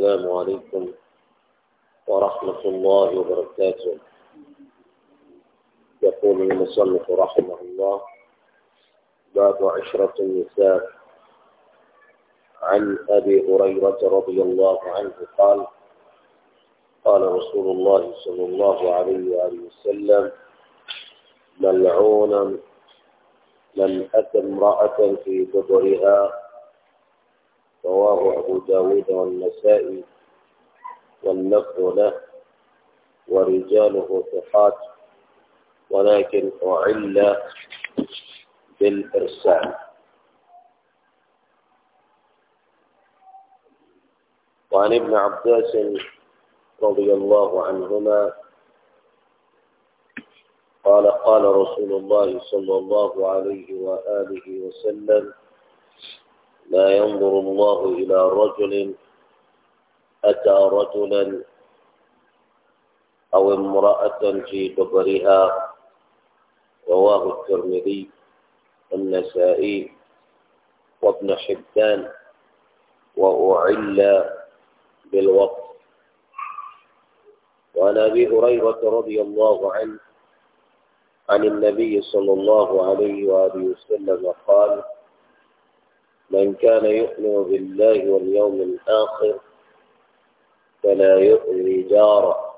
السلام عليكم ورحمة الله وبركاته يقول المصنف رحمه الله باب عشرة النساء عن أبي هريرة رضي الله عنه قال قال رسول الله صلى الله عليه وآله وسلم ملعونا من أتى امرأة في دبرها رواه أبو داود والنسائي واللفظ له ورجاله ثقات ولكن أعل بالإرسال وعن ابن عباس رضي الله عنهما قال قال رسول الله صلى الله عليه وآله وسلم لا ينظر الله إلى رجل أتى رجلا أو امرأة في قبرها رواه الترمذي والنسائي وابن حبان وأعل بالوقت وعن أبي هريرة رضي الله عنه عن النبي صلى الله عليه وآله وسلم قال من كان يؤمن بالله واليوم الآخر فلا يؤذي جاره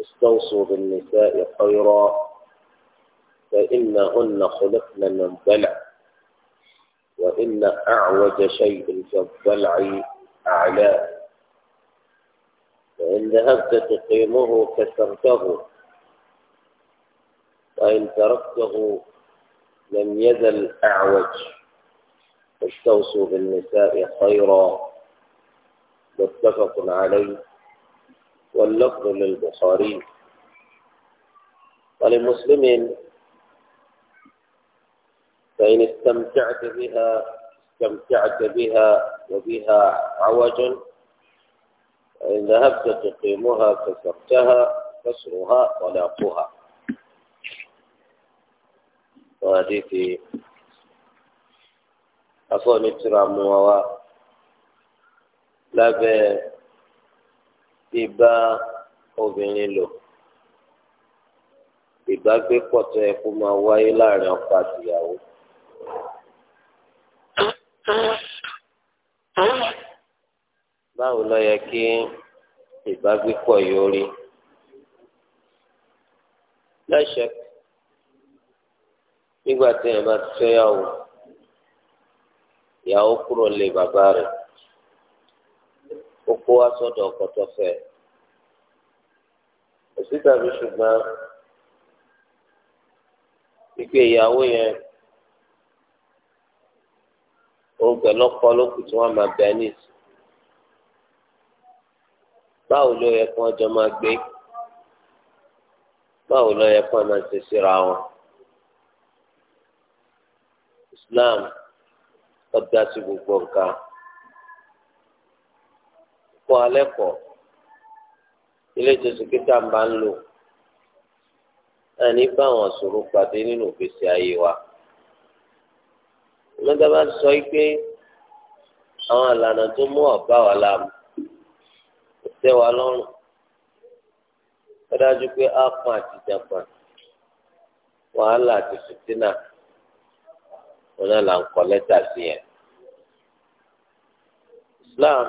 استوصوا بالنساء خيرا فإنهن خلقن من بلع وإن أعوج شيء الضلع أعلاه فإن ذهبت تقيمه كسرته وإن تركته لم يزل أعوج واستوصوا بالنساء خيرا متفق عليه واللفظ للبخاري ولمسلم فإن استمتعت بها استمتعت بها وبها عوجا وإن ذهبت تقيمها كسرتها كسرها طلاقها وهذه afọ nítura mu wa wá lábẹ́ ìbá obìnrin lò ìbágbépọ̀ tó yẹ kó máa wáyé láàrin ọkọ àtìyàwó. báwo ló yẹ kí ìbágbépọ̀ yóò rí lẹ́sẹ̀ nígbà tí ẹ̀ bá ti fẹ́yàwó ìyàwó kúrò lé bàbá rẹ̀ ó kó wá sọ́dọ̀ ọkọ tó fẹ́ òsì tàbí ṣùgbọ́n wípé ìyàwó yẹn òun pẹ̀lú ọkọ lókùn tí wọ́n máa bẹ níìsì báwo ló yẹ kí wọ́n jọ máa gbé báwo ló yẹ kí wọ́n máa ṣe síra wọn Islam ọdá sí gbogbo nǹkan kó alẹ́ kọ̀ ilé ìjọsìn kíkà ń bá ń lò àní bá àwọn sòrò pàdé nínú ìgbésí ayé wa lọ́dà bá sọ pé àwọn ìlànà tó mú ọ̀bá wa láàmú kò tẹ́ wa lọ́rùn ó dájú pé á pọn àti jàpọn wàhálà àti fìtínà wọn náà là ń kọ lẹ́tà sí yẹn. Islam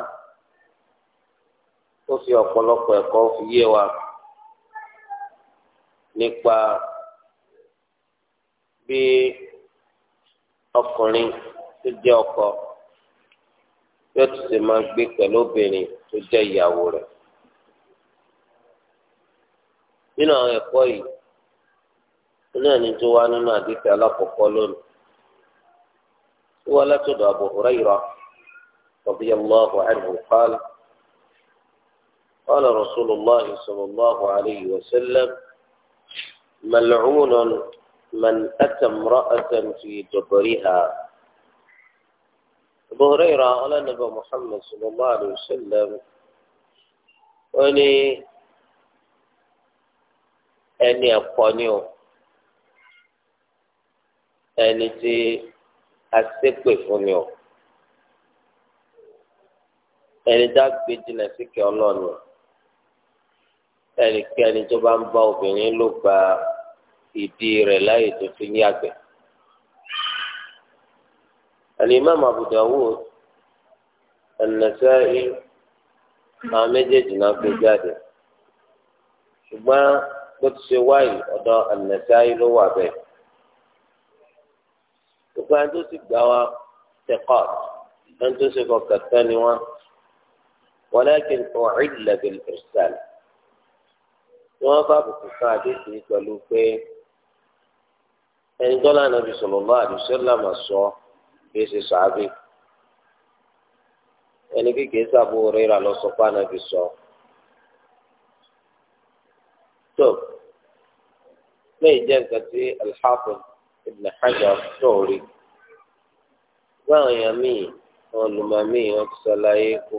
ó fi ọ̀pọ̀lọpọ̀ ẹ̀kọ́ fi yé wa nípa bí ọkùnrin tó jẹ́ ọkọ yóò tún ṣe máa gbé pẹ̀lú obìnrin tó jẹ́ ìyàwó rẹ̀. nínú àwọn ẹ̀kọ́ yìí ó náà ní tó wá nínú àdìsí alákọ̀ọ́kọ́ lónìí. هو أبو هريرة رضي الله عنه قال قال رسول الله صلى الله عليه وسلم ملعون من أتى امرأة في دبرها أبو هريرة على النبي محمد صلى الله عليه وسلم أني أني أقنعه أني تي asépè fún mi o ẹni tá a gbé jìnnà sí kẹ ọlọ́ọ̀nù ẹnikẹ́ni tó bá ń bá obìnrin ló gba ìdí rẹ̀ láyè tó fi ní àgbẹ̀. Al-Imam Abu Dawud An-Nasa'i àwọn méjèèjì náà gbé jáde ṣùgbọ́n bó ti ṣe wáyé ọ̀dọ̀ ló wà gbogbo àwọn tó ti gbà wá tẹkọt àwọn tó sì kọkà tán ni wọn wọn láti kọ ìdílé bẹ̀rẹ̀ kìrìsìtàn wọn bá bùkù fún àdéhùn pẹ̀lú pé ẹni tó lánàá bí sọlọlọ àdùsọlá mà sọ bí ṣe sàábì ẹni kékeré sàbò rírà lọ sọ pé ànàbì sọ tó lẹ́yìn jẹ nǹkan tí alḥafiz ibn hajar tó rí. láwọn èèyàn míì àwọn olùmọ̀ míì ti sọ láyé kó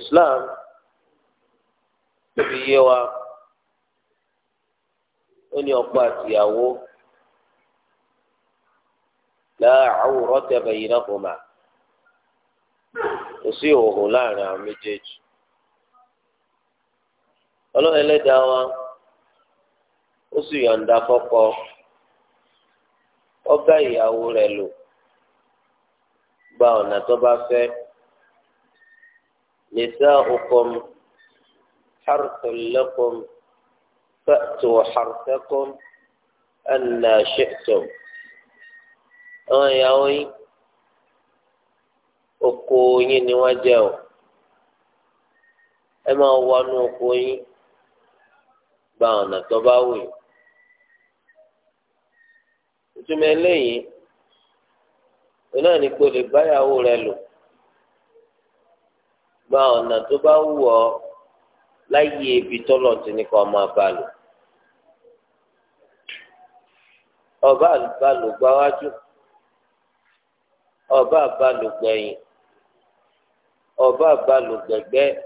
Islam níbi fi yé wa ó ní ọkọ àtìyàwó láàárọ̀ yìí náà kò mà kò sí láàrin àwọn méjèèjì ọlọ́run ẹlẹ́dàá wa ó sì yọ̀ǹda fọ́kọ. ọba ìyàwó rẹ̀ lò gba ọ̀nà tó bá fẹ́ nisa'ukum harthun lakum fa'tu harthakum anna shi'tum àwọn ìyàwó yín oko yín ni wọ́n jẹ́ o ẹ máa wọnú oko yín gba ọ̀nà tó bá wù yín. ìtumọ̀ eléyìí òun náà ni kò lè báyàwó rẹ lò gba ọ̀nà tó bá wù ọ láyé ibi tọ́lọ̀ tí ní kò máa bá lò ọba gbáwájú ọba àbálò ọba àbálò gbẹ̀gbẹ́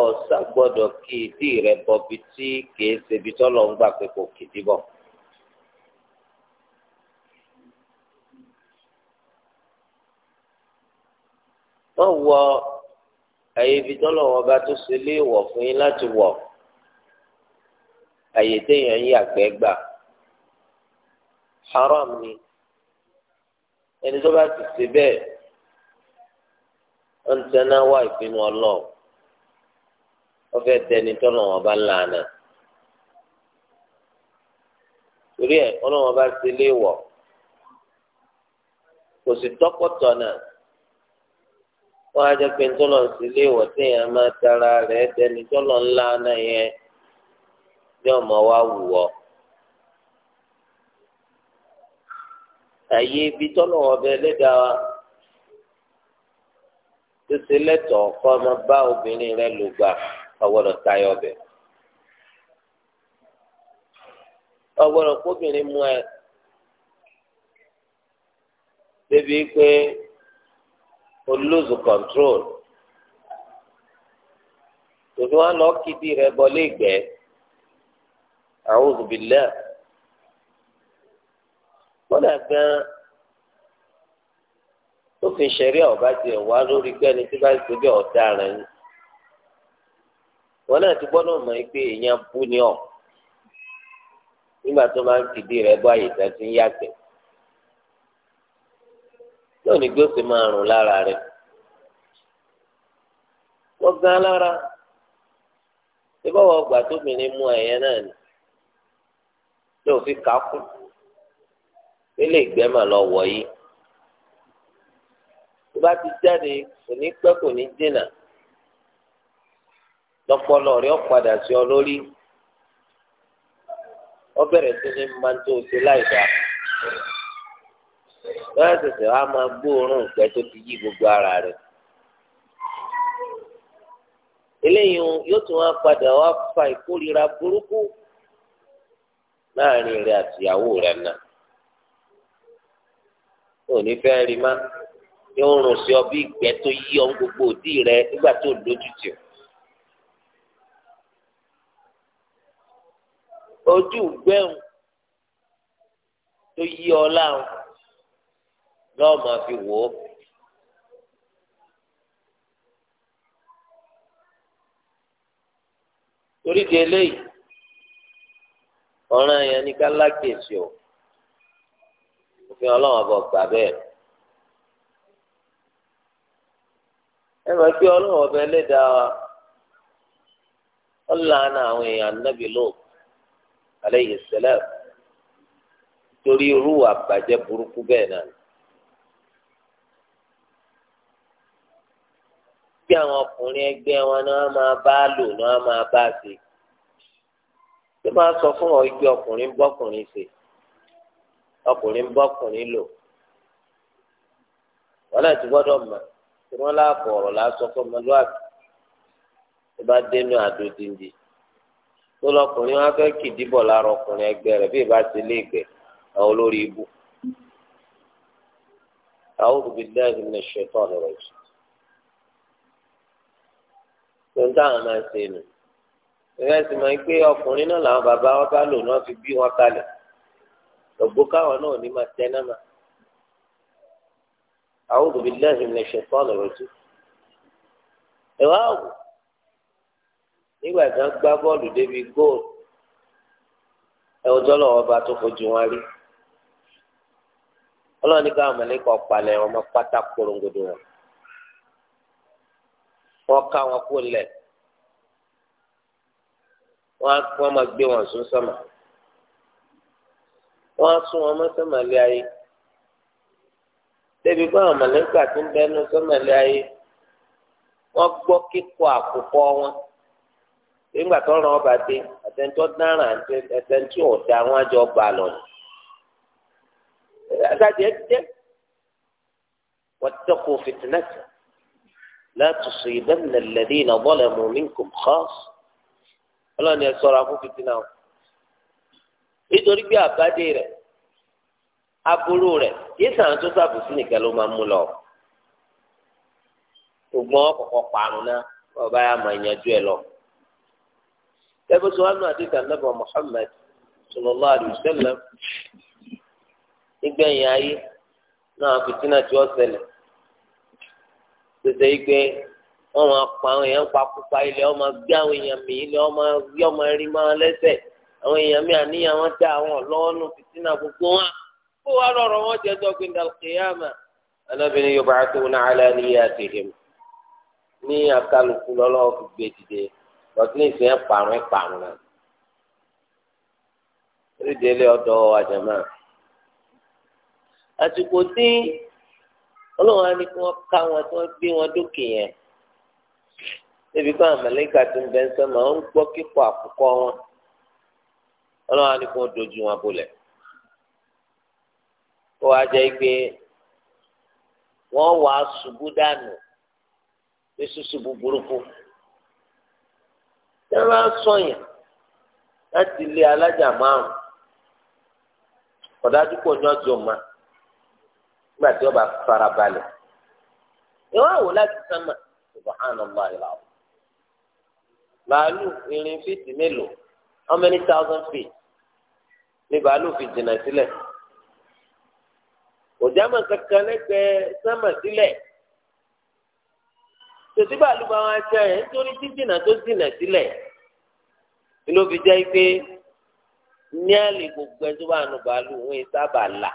ọ̀sà gbọ́dọ̀ kí ìdí rẹ bọ̀ bí tí kìí ṣe ibi wọ́n wọ àyè ibi tọ́lọ̀ wọn bá tó ṣe lé wọ̀ fún yín láti wọ̀ àyè téèyàn haram ni ẹni tó bá ti ṣe bẹ́ẹ̀ ó ń tẹná wá ìpinnu fẹ́ tẹni tọ́lọ̀ bá lànà torí ẹ̀ bá ṣe lé wọ́n á jẹ́ pé ńtọ́lọ̀ sí ilé ìwọ̀ tara rẹ̀ dẹni tọ́lọ̀ ńlá náà yẹn ní ọmọ wa wù ọ́. àyè ibi tọ́lọ̀ ọbẹ̀ lẹ́dàá wa ọmọ bá obìnrin rẹ lò gbà ọgbọ́dọ̀ tayọ ọbẹ̀. kóbìnrin o lose control tòbí wọn lọ kìdí rẹ bọ léègbé a'udhu billah kódà gan òfin ṣẹ̀ríà ọba ti ẹ̀ wá lórí gbẹ́ni tí bá ń ṣe bí ọ̀daràn yìí wọn náà ti gbọ́dọ̀ mọ̀ pé èèyàn bú ni ọ̀ nígbà tó máa ń fìdí rẹ̀ bọ́ àyè tá ti ń yàgbẹ́ yóò ní bí ó sì máa rùn lára rẹ̀ wọ́n gán lára ìbọ̀wọ̀ ọgbà tóbìnrin mú ẹ̀yẹ náà ni yóò fi kà á lọ wọ̀ yìí bá ti jáde kò ní pẹ́ kò ní dènà lọ́yà tẹ̀sẹ̀ wa máa gbóòórùn ìgbẹ́ tó ti yí gbogbo ara rẹ̀. eléyìí yóò tún wá padà wá fa ìkórira burúkú láàrin rẹ̀ àtìyàwó rẹ̀ náà. òní fẹ́ rí má yóò rùn sí ọ bí ìgbẹ́ tó yí ọ gbogbo òdì rẹ̀ nígbà tó lójú tì ojú gbẹ̀hùn tó yí ọ láhùn. lọ́ọ́ máa fi wò ó. torí di eléyìí ọ̀ràn yẹn ní ká lákèsí òfin ọba ọgbà bẹ́ẹ̀ ẹ máa gbé ọlọ́run ọba ẹlẹ́dàá ọ̀làánà àwọn èèyàn nábì lóò alayhi salam torí irú burúkú àwọn ọkùnrin ẹgbẹ́ wọn ni wọ́n máa bá lò ni wọ́n máa bá ṣe sọ fún ọ ọkùnrin bọ́kùnrin ṣe ọkùnrin bọ́kùnrin lò wọn náà ti gbọ́dọ̀ mọ̀ wọ́n láàbọ̀ ọ̀rọ̀ ọmọlúwàbí bá dénú tó lọkùnrin wọn fẹ́ kìdíbọ̀ lára ọkùnrin ẹgbẹ́ rẹ̀ bí ìbá ti àwọn olórí tó ń táwọn máa ṣe nù ìrẹ́ sì máa pé ọkùnrin náà làwọn bàbá wọn bá lò náà fi bí wọn kalẹ̀ ògbó káwọn náà ní máa tẹ náà máa. ẹ wá wò nígbà tí wọ́n gbá bọ́ọ̀lù débi góòlù ọba tó fojú wọn rí káwọn mọ̀lẹ́kọ̀ọ́ ọmọ wọ́n ká wọn kó lẹ̀ wọ́n máa gbé wọn sún sọ́mà wọn sún wọn mọ́ lé ayé débi pé àwọn mọ̀lẹ́kà ti ń bẹ́nu sọ́mà lé ayé wọn gbọ kíkọ àkùkọ wọn nígbà tó ràn ọba dé àtẹnudọ́ dára àtẹnudọ́ ọ̀dà wọn àjọ bá lọ. لا تصيبن الذين ظلموا منكم خاص. ọlọ́ni ẹ sọ̀rọ̀ fún fìtínà o nítorí pé àbádé rẹ̀ aburú rẹ̀ yéésì àwọn tó sàbùsí nìkan ló máa mú lọ ṣùgbọ́n ọkọ̀ọ̀kọ̀ parun náà ọba yà máa yanjú ẹ lọ. ẹgbẹ́sọ̀ wánú àdìsí anábọ̀ Muhammad sallallahu alaihi nígbẹ̀yìn ayé náà fìtínà tí ó ṣẹlẹ̀ tètè yìí pé wọ́n máa pa àwọn èèyàn pa pupa ilẹ̀ wọ́n máa gbé àwọn èèyàn mì ilẹ̀ wọ́n máa rí ọmọ rí máa lẹ́sẹ̀ àwọn èèyàn mì àníyàn wọn dá àwọn ọlọ́ọ̀nù fìtínà gbogbo wọn kó wá lọ́rọ̀ wọn jẹ́ dọ́gbìn dàlùkìyàmà anábìnrin yorùbá tó wọn ní fi gbé dìde náà àjàmà àsìkò ọlọ́run á ní kí wọ́n ká wọn tí wọ́n gbé wọn dókè yẹn níbi kí àwọn mẹlẹ́kà tó ń bẹ ń sọ́mà ó ń gbọ́ kíkọ́ wọn ọlọ́run á ní kí wọ́n dojú wọn bolẹ̀ ó wá jẹ́ pé wọ́n wà á nígbà tí ọba fara balẹ̀ ìwọ àwò láti sánmà subhanallahi alazim bàálù irin fíìtì mélòó how many thousand feet ni bàálù fi jìnnà sílẹ̀ òjàmọ̀ kankan lẹ́gbẹ̀ẹ́ sánmà sílẹ̀ tòtí bàálù bá wọn ṣe ẹ̀ nítorí jíjìnà tó jìnnà sílẹ̀ ló fi jẹ́ pé ní àlè gbogbo ẹ̀ tó bá nu bàálù wọn sábà là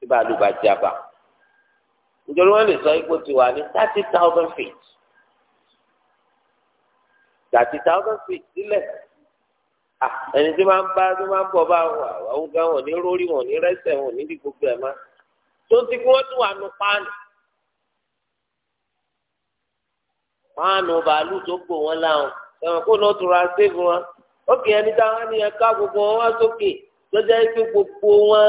tí bàálù bá jábà nítorí wọn lè sọ ipò ti ní thirty thousand feet thirty thousand feet sílẹ̀ ẹni tí máa ń bá tí máa ń bọ̀ bá wà àwọn gan wọn ní rórí wọn ní rẹ́sẹ̀ wọn ní gbogbo ẹ̀ má tó ti kí wọ́n tún wà nù páànù páànù bàálù tó gbò wọ́n láwọn ẹ̀wọ̀n kó náà tura séèfù wọn ó kì í ẹni táwọn ní ẹ̀ka gbogbo wọn wá sókè lọ́jọ́ ikú gbogbo wọn.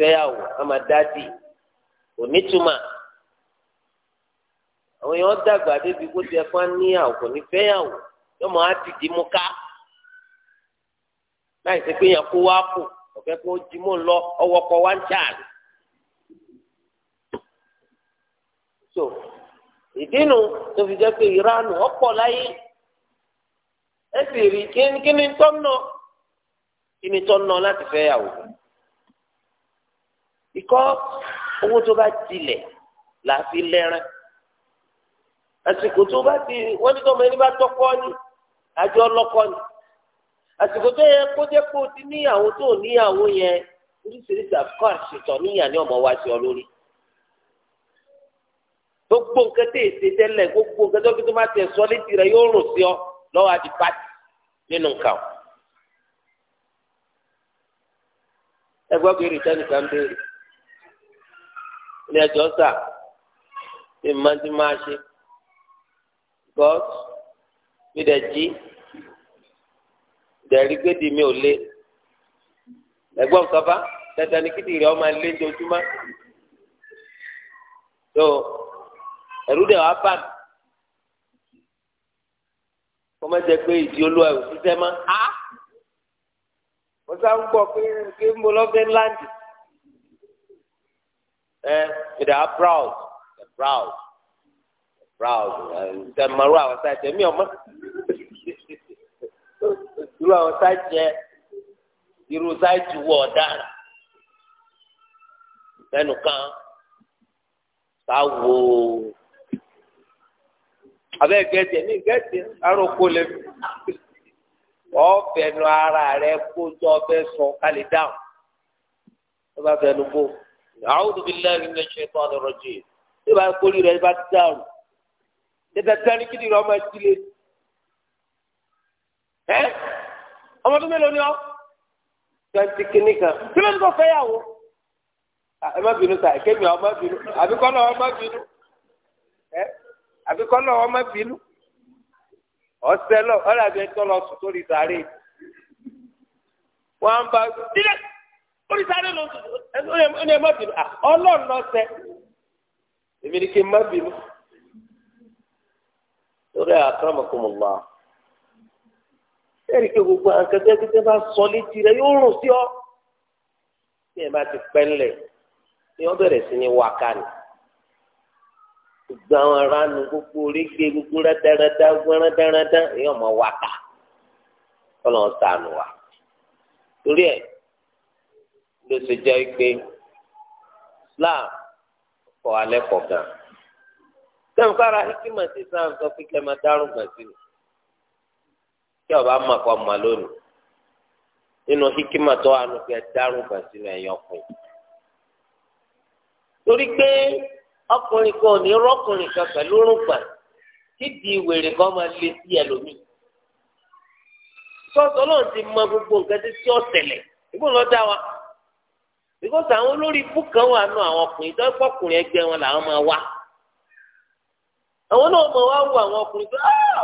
fẹ́yàwó a ma, dá sí onítùmá àwọn èèyàn dàgbà débi kó tiẹ̀ fún níyàwó kò ní fẹ́yàwó yọmọ á ti dì ká láì ṣe pé yẹn kó wá kù ọ̀fẹ́ lọ ọwọ́ so tó fi jẹ́ because owó tó bá tilẹ̀ là á fi lẹ́rán àsìkò tó bá ti wọ́n ní tọ́mọ ẹni bá tọ́kọ́ ni àjọ ọlọ́kọ́ ni àsìkò tó yẹ kó jẹ́ kó o ti níyàwó tó o níyàwó yẹn oríṣiríṣi àfikọ́ àṣetọ̀ níyà ni ọmọ wa ti ọ lórí gbogbo nǹkan tẹ̀ ṣe tẹ́lẹ̀ gbogbo nǹkan tó fi tó máa tẹ̀ sọ létí rẹ yóò rò sí ọ lọ́wọ́ àti pàtì nínú nǹkan o ẹgbẹ́ kò rí sẹ́nìkan béèrè ní ẹjọ́ sà ní màá ti máa ṣe gọ́t mi dẹ̀ jí dẹ̀rí gbèdì mi ò lé ẹ̀gbọ́n kaba dandan ni kíndìnrín ọmọ ilé ojoojúmọ́ tó ẹ̀rú dẹ̀ wá bà mí wọ́n máa jẹ pé ìdí olúwa ò ṣiṣẹ́ mọ́ á wọ́n sá ń gbọ́ pé kí n bọ́ lọ́fẹ́ láǹdì. ẹ eh, they are proud they are proud àwọn sáìtì ẹ̀mí ọmọ irú àwọn sáìtì irú sáìtì wọ ọ̀daràn lẹ́nu kan sáwo abẹ́ gẹ̀ẹ́tì ẹ̀mí gẹ̀ẹ́tì aróko lè fi ọ̀fẹ́ nu ara rẹ̀ kó tó ọbẹ̀ sọ kálí dáhùn tó bó. a'udhu billahi minash shaitanir rajim tí bá kórì rẹ bá dáhùn tètè tẹ́lí kí ni rẹ ọmọ ẹtí lé ẹ ọmọ tó mélòó ni ọ twenty kìíní kan tí ló ń bọ̀ fẹ́yàwó ẹ má bínú sa ẹ̀kẹ́mi ọmọ bínú àbíkọ́lọ́ ọmọ bínú ẹ àbíkọ́lọ́ ọmọ bínú ọ̀sẹ̀ lọ ọ̀làbí ẹ̀tọ́ lọ sùn sórí sàárè wọn bá dídẹ́. orí sáré lọ ẹni ẹ má bínú ọlọ́run lọ sẹ èmi ni kí n má bínú gbogbo àǹkẹ́tẹ́ tí tẹ́ bá sọ létí rẹ yóò rùn sí ọ tí ẹ bá ti pẹ́ ńlẹ̀ ni wọ́n bẹ̀rẹ̀ sí ní wákà ni gbogbo àwọn gbogbo gbogbo èèyàn wákà kọ́ lọ́n sànù wa torí ló ṣe jẹ́ pé Islam kọ́ alẹ́ hikima sí Islam sọ pé kẹ́mà sí kí ọba kọ́ lónìí nínú hikima tó wà lókè sí torí pé ọkùnrin kan ò ní kan pẹ̀lú rúgbà wèrè kan máa lé sí ẹlòmíì sọ́sọ́ náà ti mọ gbogbo nǹkan tí wa. because àwọn olórí ikú kan wà nù àwọn ọkùnrin tó ọkùnrin ẹgbẹ́ wọn làwọn máa wá àwọn náà máa wá wo àwọn ọkùnrin tó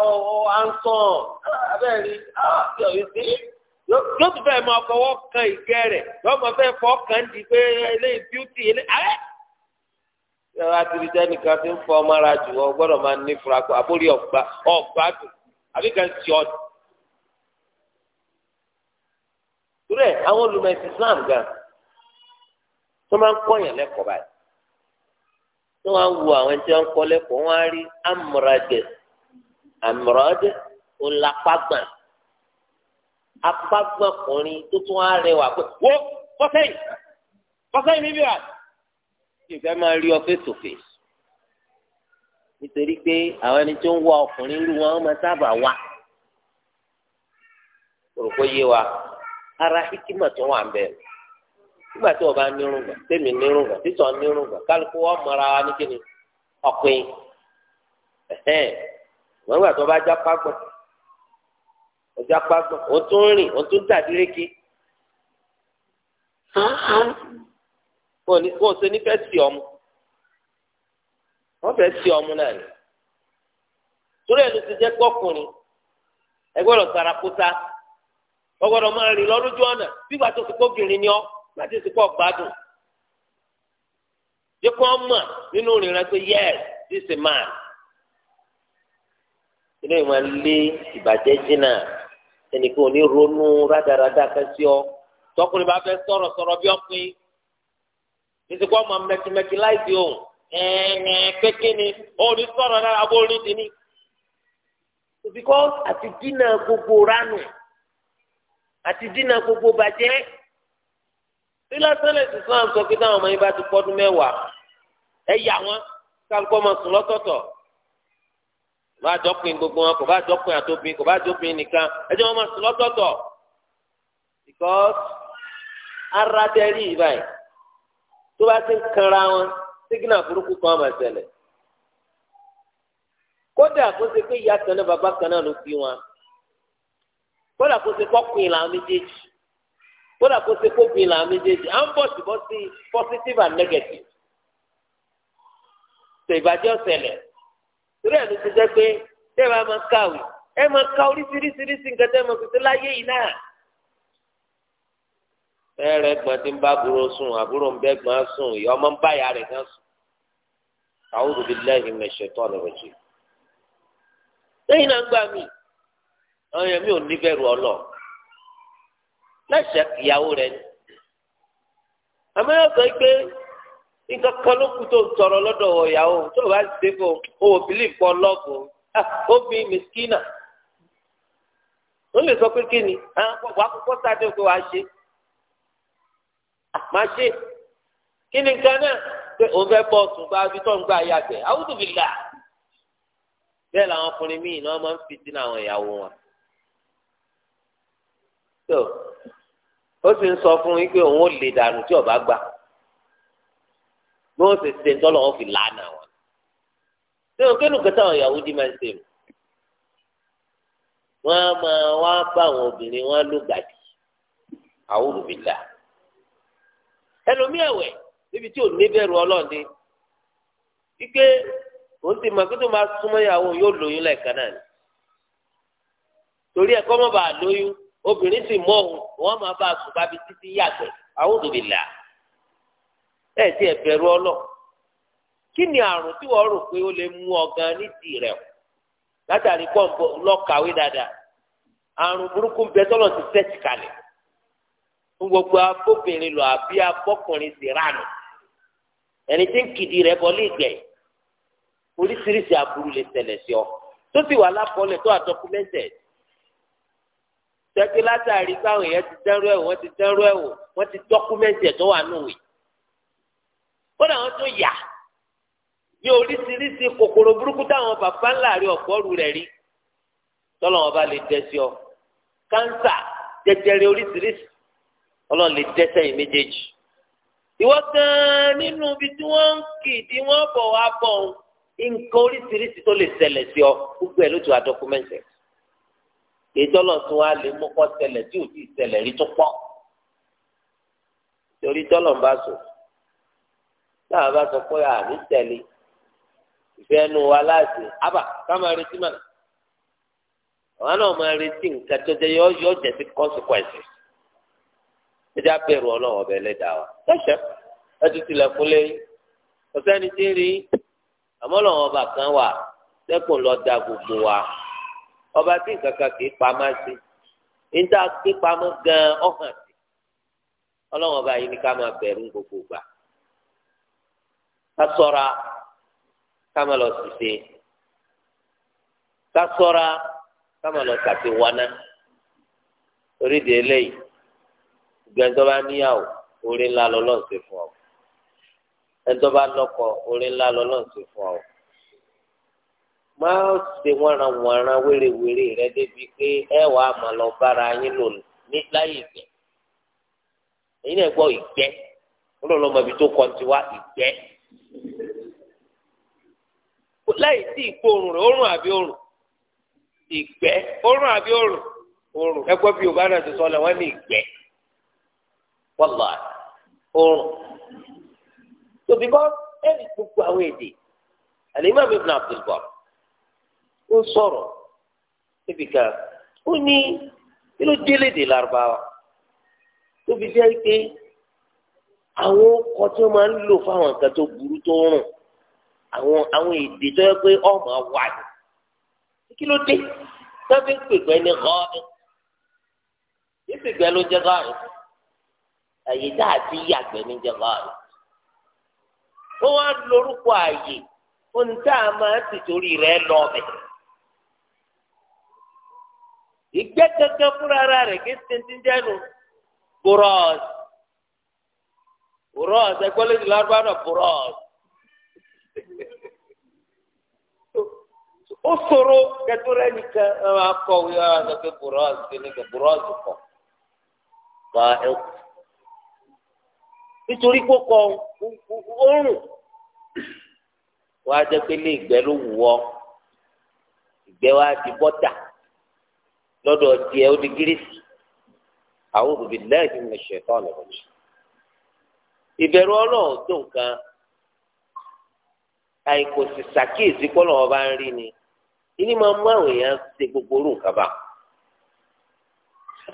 ọ ansan abẹ́rẹ́ yóò tún fẹ́ máa fọwọ́ kan ìgbẹ́ rẹ̀ yóò máa fẹ́ fọ́ kan di pé eléyìí bíútì eléyìí yàrá ti ń fọ jù ọ gbọ́dọ̀ máa ní àbórí àbí kan ti Islam gan tó máa ń kọ́yàn lẹ́kọ̀ọ́ báyìí tó máa ń wo àwọn ẹni tí wọ́n ń kọ́ lẹ́kọ̀ọ́ wọ́n á rí amúradẹ amúradẹ olápágbà apágbàkùnrin tó tún á rẹwà pé wo bọ́sẹ̀yìn bọ́sẹ̀yìn níbí wa ìfẹ́ máa rí ọ face to face nítorí pé àwọn ẹni tó ń wá ọkùnrin lù wọn máa sábà wá òròpó wa ara hikima tó wà ń bẹ̀rẹ̀ nígbà tí ọba nírùngbà tèmi nírùngbà títọ nírùngbà kálukú wọn mọra wa ní kíni ọpin wọn gbà bá tún rìn tún o sí ọmọ wọn fẹ́ẹ́ sí ọmọ náà ni ti jẹ́ ẹgbẹ́ sara kúta ọgbọ́dọ̀ máa rìn láti sìnkú ọ̀gbádùn jẹ́ kó mọ̀ nínú ìrìnà pé yes this is man inú ìmọ̀ lé ìbàjẹ́ jìnnà ẹnìkan ò ní ronú rádaràdà kẹsí ọ tọkùnrin bá fẹ́ sọ̀rọ̀ sọ̀rọ̀ bí ọkùnrin nítorí wọn máa mẹkìmẹkì láìsí òun ẹ̀ẹ́n kékeré ni òun ní sọ̀rọ̀ náà abó orin ti ní. because àti dínà gbogbo ránù àti dínà gbogbo bàjẹ́ tí lásánlẹ̀ islam sọ pé táwọn ọmọ yín bá ti pọ́dún mẹ́wàá ẹ yà wọn kálukọ́ máa sùn lọ́tọ̀ọ̀tọ̀ kò bá jọ́pin gbogbo wọn kò bá jọ́pin àtòbin kò bá jọ́pin nìkan ẹ jẹ́ wọn máa sùn lọ́tọ̀ọ̀tọ̀ because ara dẹ́rì ìbáyìí tó bá ti ń kanra wọn sígínà burúkú kan máa ṣẹlẹ̀ kódà kó ṣe pé ìyá kan náà bàbá kan náà ló fi wọn kódà kó ṣe kọ́kùn ìlànà méjèèjì kódà kó ṣe kóbi là méjèèjì à ń bọ̀ sí bọ́ sí positive and negative ṣèbàjẹ́ ọ̀sẹ̀lẹ̀ torí ẹ̀ ló ti jẹ́ pé tẹ́ ẹ bá máa kàwé ẹ máa ka oríṣiríṣiríṣi nǹkan tẹ́ ẹ máa fi ṣe láyé yìí náà ẹrẹ gbọ́n ti ń bá àbúrò sùn àbúrò ń bẹ́ gbọ́n sùn ìyá ọmọ ń bá ìyá rẹ̀ gan sùn a'udhu billahi minash shaitani rajim lẹ́yìn náà ń gbà mí àwọn èèyàn mi ò ní bẹ̀rù Ọlọ́run lẹsẹ ìyàwó rẹ ni àmọ́ yóò sọ pé nǹkan kan ló kù tó ń tọrọ lọ́dọ̀ wọ ìyàwó tó o bá ti dé fún o ò bílíì pọ lọọgù ó bí mìskínà ó lè sọ pé kí ni ah, wàá kọ́kọ́ sáré pé wàá ṣe ah, máa ṣe kí ni nǹkan náà pé òun fẹ́ bọ ọsùn gba ibi tó ń gba ayàgbẹ àwùjọ mi là bẹ́ẹ̀ làwọn ọkùnrin míì náà máa ń fi sínú àwọn ìyàwó wọn. ó sì ń sọ fún yín pé òun ò lè dànù tí ọba gbà bí wọn ṣe tọ́lọ̀ wọn fi làánà wọn. sẹ́wọ̀n kẹ́nu kẹta àwọn ìyàwó dì máa ń ṣe wọn á máa wá bá àwọn obìnrin wọn lò àwọn olùbílà ẹlòmíì ẹ̀wẹ̀ níbi tí ò ike òun ti mọ̀ pé tó máa súnmọ́ ìyàwó yóò lóyún lẹ́ẹ̀kan náà ni torí ẹ̀kọ́ obìnrin sì mọ ohun wọn máa bá a sùn bábi títí yàgbẹ́ a'udhu billah ẹ ti ẹ ọlọ kí ni àrùn tí wọ́n rò pé ó lè mú ọ gan nídìí rẹ látàrí pọmpọ lọkàwé dáadáa àrùn burúkú bẹ tọlọ ti tẹsí kalẹ̀ fún gbogbo abóbìnrin lọ àbí abọkùnrin sì ránù ẹni tí ń kìdí rẹ̀ bọ léègbẹ oríṣiríṣi aburú lè ṣẹlẹ̀ sí ọ tó wà tẹ́kí látàrí káwọn èèyàn ti dẹ́rú ẹ̀wò wọ́n ti dẹ́rú ẹ̀wò wọ́n ti dọ́kúmẹ́ǹtì ẹ̀ tó wà nùwé. kódà wọ́n tún yà ní oríṣiríṣi kòkòrò burúkú táwọn bàbá ńlá rí ọ̀pọ̀rù rẹ̀ rí tọ́lọ́ wọn bá lè dẹ́sí ọ kánsà jẹjẹrẹ oríṣiríṣi ọlọ́run lè dẹ́sẹ̀ yìí méjèèjì. ìwọ gan-an nínú ibi tí wọ́n ń kìdí wọ́n bọ̀ wá bọ̀ nǹkan oríṣiríṣi tó lè ṣẹlẹ̀ sí ọ gbogbo ẹ̀ ló ti ìtọ́lọ̀ tún wá lè mú kọ́ ṣẹlẹ̀ tí ò ti ṣẹlẹ̀ rí tó pọ̀ torí tọ́lọ̀ ń bá sọ láwọn bá sọ pé àmì tẹ̀lé ìfẹ́ nu wa láti ábà ká máa retí mọ̀nà àwọn náà máa retí nǹkan tó jẹ yọ yọ jẹ sí consequence ẹjẹ abẹ́rù ọlọ́wọ́ ọbẹ̀ lẹ́dàá wa lọ́sẹ̀ ẹ ti tilẹ̀kùn lé kò sẹ́ni tí ń rí àmọ́ lọ́wọ́ ọba kan wà lẹ́kùn lọ́ọ́ da gbogbo wa ọba tí nǹkan kan kì í pamọ́ sí níta kì í pamọ́ gan-an ọ̀hàn sí ọlọ́wọ́n ọba yìí ni ká máa bẹ̀rù gbogbo gbà ká sọ́ra ká máa lọ ṣìṣe ká sọ́ra ká máa lọ ṣàti wọná torí di eléyìí gbẹ̀ntọ́ bá níyàwó orí ńlá lọ́lọ́ ń ṣe fún ọ ẹ̀ńtọ́ bá lọ́kọ orí ńlá lọ́lọ́ fún ọ má ṣe wọ́nranwọ̀nran wérewère rẹ débi pé ẹ wà á máa lọ bára yín lò ní láyé ìgbẹ́ èyí náà gbọ́ ìgbẹ́ wọ́n lọ́ lọ́mọ ibi tó kọ́ ti wá ìgbẹ́ láì sí ìgbóòrùn rẹ̀ òórùn àbí òórùn ìgbẹ́ òórùn àbí òórùn òórùn ẹgbẹ́ bíi òbá náà ti sọ lẹ̀ wọ́n ní ìgbẹ́ wọ́lá òórùn so because ẹ̀rí gbogbo àwọn èdè àlè má mi fún àbùdùbọ̀ ó sọ̀rọ̀ níbi kan ó ní kí ló délé dè lárúbáwá tó fi jẹ́ pé àwọn ọkọ̀ tí wọ́n máa ń lò fáwọn nǹkan tó burú tó rùn àwọn àwọn èdè tó yẹ pé ọmọ wà ní kí ló dé tó fi ń pègbè ní rọ́ọ̀dù ìsì gbẹ ló jẹ gáàrí àyè tá a ti yàgbẹ ní jẹ gáàrí ó wá lórúkọ àyè fún tá a máa ti torí rẹ̀ lọ ìgbẹ́ kankan fúnra ara rẹ̀ kí tẹ̀síntì bùrọ̀s bùrọ̀s ẹgbẹ́ lóṣù lárúbá náà bùrọ̀s ó ṣòro kẹtù rẹ nìkan ẹ máa kọ wíwá wá sọ pé bùrọ̀s kìnnìkan bùrọ̀s kọ gba ẹ kù nítorí kókọ òórùn wàá jẹ pé lé ìgbẹ́ ló wù ọ ìgbẹ́ wa di bọ́tà. lọ́dọ̀ tiẹ̀ ó di gírísì a'udhu billahi minash shaitani rajim. ìbẹ̀rù ọlọ́run tó nǹkan àìkò sì ṣàkíyèsí pọ́nà ọba ń rí ni ìní máa mú àwọn èèyàn ṣe gbogbo orú nǹkan bá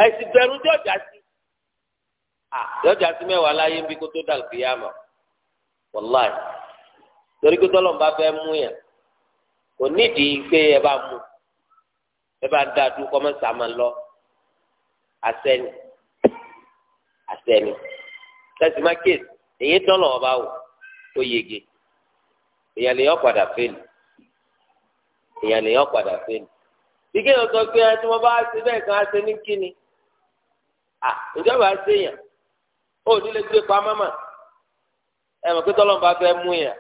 àìsí bẹ̀rù jọjà sí jọjà sí mẹ́wàá láyé ń bí kó tó dàlùkìyàmọ̀ wàláì torí pé tọ́lọ́mù bá fẹ́ mú yàn kò nídìí pé ẹ bá mú un ẹ bá dáa dúró kọ́ mọ́ sàmà lọ asẹ́ni asẹ́ni tẹ́sí má kéèsì èyí tọ́lọ̀ ọba wò tó yege èyàn lè yọ padà fèlì èyàn lè yọ padà fèlì bíkẹ́ yóò sọ pé ẹ tí wọ́n bá ṣe bẹ́ẹ̀ kan á ṣe ní kíni à ìjọba á ṣe yàn ó nílé gbé pamọ́ mà ẹ mọ̀ pé tọ́lọ́ bá fẹ́ mú yàn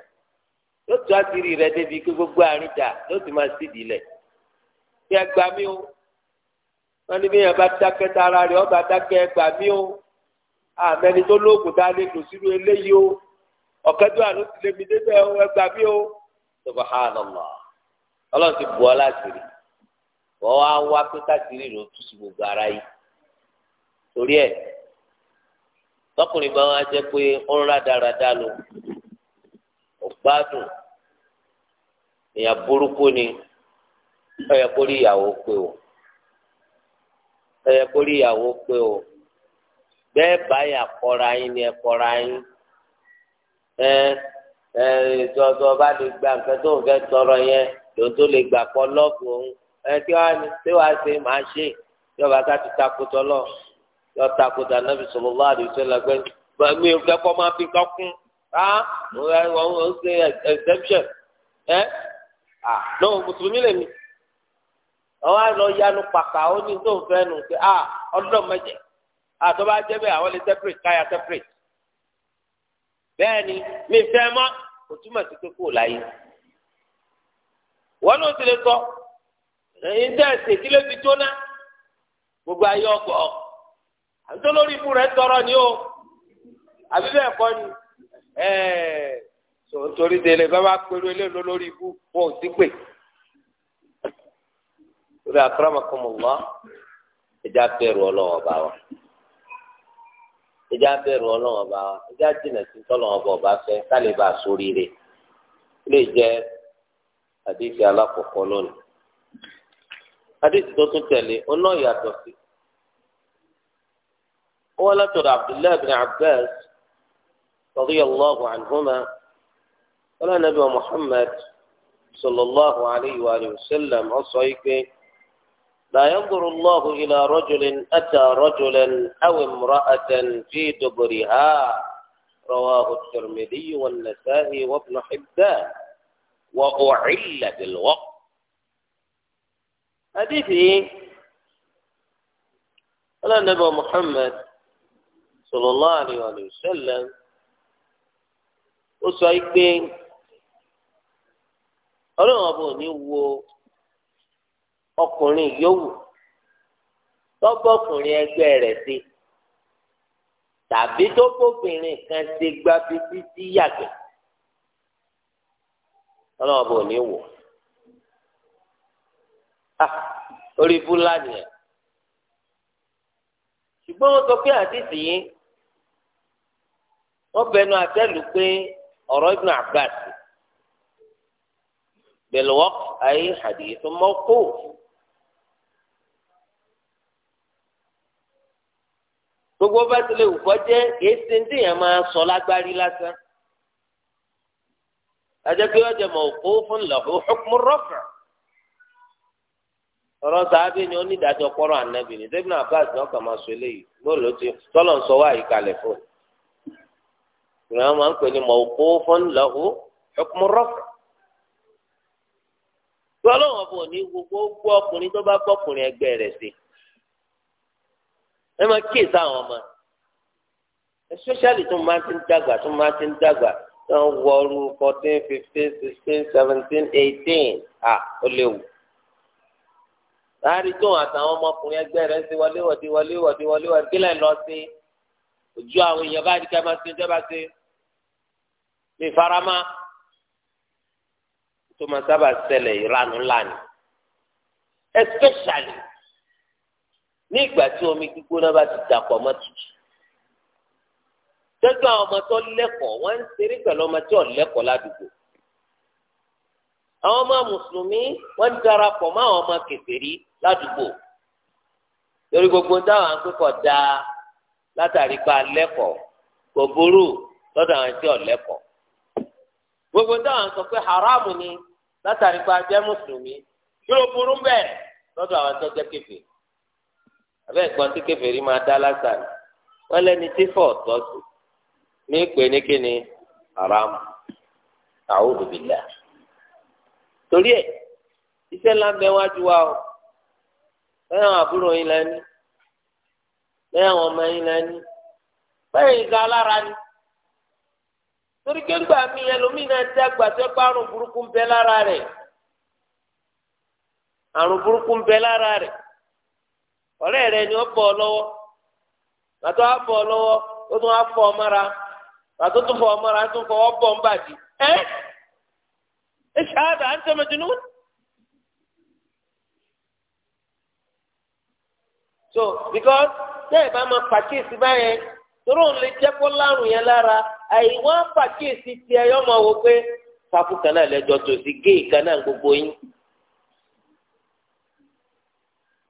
yóò tún àṣírí rẹ débi pé gbogbo àríjà yóò ti máa ṣídìí lẹ̀ bí ẹgbà mí o wọn ní bí yẹn bá dákẹ́ tara rẹ̀ ọba dákẹ́ ẹgbà mí o àmẹni tó lóògùn tá a lè lò sínú eléyìí o ọ̀kẹ́dùn àlọ́ ti lè mi débẹ̀ ẹgbà mí o subhanallah ọlọ́run ti bu ọ láti rí wọ́n wá wá pé káàkiri ló tú sí gbogbo ara yìí torí ẹ̀ tọkùnrin bá wá jẹ́ pé ó ń rádaràda lò ó gbádùn èèyàn ni ẹyẹ kórì ìyàwó pé o ẹyẹ kórì ìyàwó pé o bẹ́ẹ̀ báyà kọra yín ni ẹ kọra yín ẹ ẹ tọtọ bá lè gba nǹkan tó ń fẹ́ tọrọ yẹn lòun tó lè gbà kọ lọọbù òun ẹ kí wàá ní tí wàá ṣe màá ṣe yọba ká ti takotọ lọ yọ takotọ anabi sọlọ lọ àdìsẹ lẹgbẹ mi ò fẹ́ kọ máa fi kọ kún ah wọn ò ṣe exception ẹ ah lọ́wọ́ mùsùlùmí lèmi. ọwọ́ àlọ yanu pàkà ó ní tó ń fẹ́ nu pé a ah, ọdún mẹjẹ àtọ́ba ah, jẹ́ bẹ́ẹ̀ àwọn lè separate káyà separate bẹ́ẹ̀ ni mi fẹ́ mọ́ kò túmọ̀ sí pé kò láyé wọn náà ti lè sọ ẹ̀yin tẹ́ ẹ̀ ṣèkí ló fi jóná gbogbo ayé ọgbọ àti olórí ikú rẹ tọrọ ni o àbí bẹ́ẹ̀ kọ́ ni sọ nítorí pẹ̀lú eléyìí lórí ikú wọn ò sí pè. torí akramakumullah ẹja bẹ̀rù Ọlọ́run ọba wa ẹja bẹ̀rù Ọlọ́run ọba wa ẹja jìnnà sí tọlọ́run ọba ọba fẹ́ kálíbà sóríire lè jẹ àdéhìí alákọọkọ lónìí àdéhìí tó tún tẹ̀lé ọ̀nà ìyàtọ̀ sí wọn látọ̀dọ̀ abdullahi bin abbas radiyallahu anhuma wọn lànà bí wọn muhammad sallallahu alayhi wa sallam ọsọ yìí pé. لا ينظر الله إلى رجل أتى رجلا أو امرأة في دبرها رواه الترمذي والنسائي وابن حبان وأعل بالوقت حديثي إيه؟ على النبي محمد صلى الله عليه وسلم وسايقين ọlọ́run أبو ò ní ọkùnrin yòówù tọ́gbọ́kùnrin ẹgbẹ́ rẹ̀ sí tàbí tó bóbìnrin kan ṣe gbábi títí yàgbẹ́ ọlọ́wọ́ bò ní wò orí fúlàní ẹ̀ ṣùgbọ́n wọ́n sọ pé àdìsí wọ́n bẹnu àtẹ́lù pé ọ̀rọ̀ ayé gbogbo bá tilẹ̀ je kọ́ jẹ́ èsì ń dìyàn máa sọ lágbárí lásán ajẹ́ pé ọjà mọ̀ òkú fún lọ́hùn hukmu rafa ọ̀rọ̀ sàábì ni onídàájọ́ ànábì ni débìnrin abbas máa sọ eléyìí bó ló ti tọ́lọ̀ ń sọ wá àyíkalẹ̀ fún un ìrìn àwọn máa ń pè ní mọ̀ òkú fún lọ́hùn hukmu rafa tọ́lọ̀ wọn bò ẹ máa kíyèsí àwọn ọmọ especially tó máa ti ń dàgbà tó máa ti ń dàgbà tó ń wọrú fourteen fifteen sixteen seventeen eighteen à ó léwu láàárín tóun àtàwọn ọmọkùnrin ẹgbẹ́ rẹ̀ ṣe wọléwọ̀dé wọléwọ̀dé wọléwọ̀dé kílẹ̀ lọ sí ojú àwọn èèyàn bá dìgbà máa ṣe ìjọba ṣe lè farama tó máa sábà ṣẹlẹ̀ ìranu ńlá ni especially. ní tí omi gbígbóná bá ti dàpọ̀ mọ́ tutù àwọn ọmọ tó lẹ́kọ̀ọ́ wọ́n ń ṣeré pẹ̀lú ọmọ tí ò lẹ́kọ̀ọ́ ládùúgbò àwọn ọmọ mùsùlùmí wọ́n ń darapọ̀ mọ́ àwọn ọmọ ládùúgbò lórí gbogbo da látàrí pa lẹ́kọ̀ọ́ kò burú lọ́dọ̀ àwọn tí gbogbo sọ pé ni látàrí pa jẹ́ mùsùlùmí burú bẹ́ẹ̀ lọ́dọ̀ àwọn abẹ́ ẹ̀gbọ́n tí kèfèrí máa dá lásán wọ́n lẹ́ni tí fọ́ ọ̀tọ́ sí ní pé ní kí ni haram a'udhu billah torí ẹ̀ iṣẹ́ ńlá ń bẹ wájú wa o bẹ́ẹ̀ àwọn àbúrò yín lẹ́ni bẹ́ẹ̀ àwọn ọmọ yín lẹ́ni bẹ́ẹ̀ ìgbà alára ni torí kéńgbà mi ẹlòmíín náà dàgbà tó burúkú ń bẹ lára rẹ̀ àrùn burúkú ń bẹ lára rẹ̀. ọ̀rẹ́ rẹ ni ọ lọ́wọ́ lọwọ, á bọ̀ lọ́wọ́ ó tún á fọ ọ mọ́ra tún fọ ọ mọ́ra tún fọ ọ ń bàjẹ́ ẹ́ ẹ ṣáàdà á ń so because tẹ́ ẹ bá máa pàkíyèsí báyẹn tóró ń lè jẹ́ kó lárùn yẹn lára àìwọ́n pàkíyèsí tiẹ̀ yọ́mọ̀ wò pé kan náà lẹ́jọ́ tòsí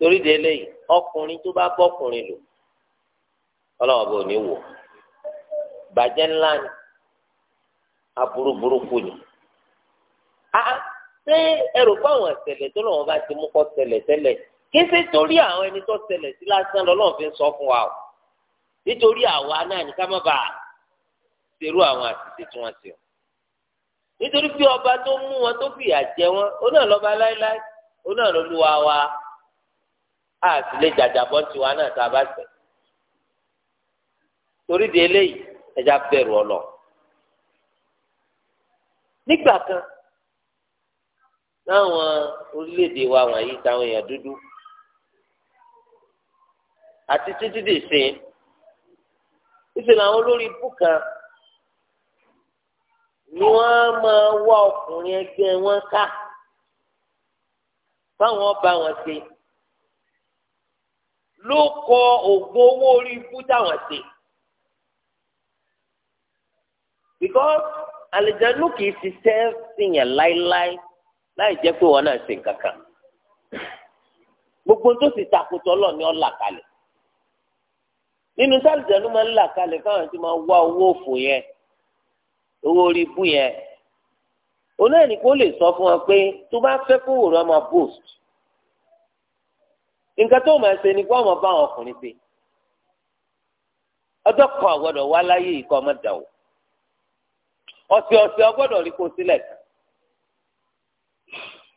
torí de eléyìí ọkùnrin tó bá bọ́kùnrin lò ọlọ́wọ́n bò ní wò bàjẹ́ ńlá ni aburú burúkú ni ṣé ẹrù fáwọn ẹsẹlẹ tó lọ́wọ́ bá ti mú kọ́ ṣẹlẹ̀ tẹ́lẹ̀ kí ṣe torí àwọn ẹni tó ṣẹlẹ̀ sí lásán lọ́lọ́run fi ń sọ fún wa o nítorí àwa náà ní ká má bàa ṣerú àwọn àṣìṣe tí wọ́n ṣe o nítorí pé ọba tó mú wọn tó fìyà jẹ wọn ó náà lọ́ba láéláé ó náà lọ́lúwa wa a sì lè jàjàbọ́ tiwa náà tá a bá ṣẹ̀ torí di eléyìí ẹja bẹ̀rù ọlọ nígbà kan láwọn orílẹ̀-èdè wa wọ̀nyí táwọn èèyàn dúdú àti títí dè ṣe ìṣẹ̀lẹ̀ àwọn olórí ibú kan ni wọ́n máa wá ọkùnrin ẹgbẹ́ wọn ká báwọn bá wọn ṣe ló kọ ògbó owó orí ikú táwọn ṣe. because àlìjánu kì í ṣiṣẹ́ sìyàn láíláí láì jẹ́ pé wọn náà ṣe nǹkan kan gbogbo tó sì takùtọ̀ lọ ni ọ́ là kalẹ̀ nínú sálìjánu máa ń là kalẹ̀ káwọn ti máa wá owó òfò yẹn owó orí ikú yẹn onáà ní kó lè sọ fún wọn pé tó bá fẹ́ kó wòrán máa boost nǹkan tó máa ṣe ni kó ọmọ bá àwọn ọkùnrin ṣe ọjọ́ kan àgbọ́dọ̀ wá láyé ikọ ọmọ dà o ọ̀sẹ̀ ọ̀sẹ̀ ọgbọ́dọ̀ rí kó sílẹ̀ kan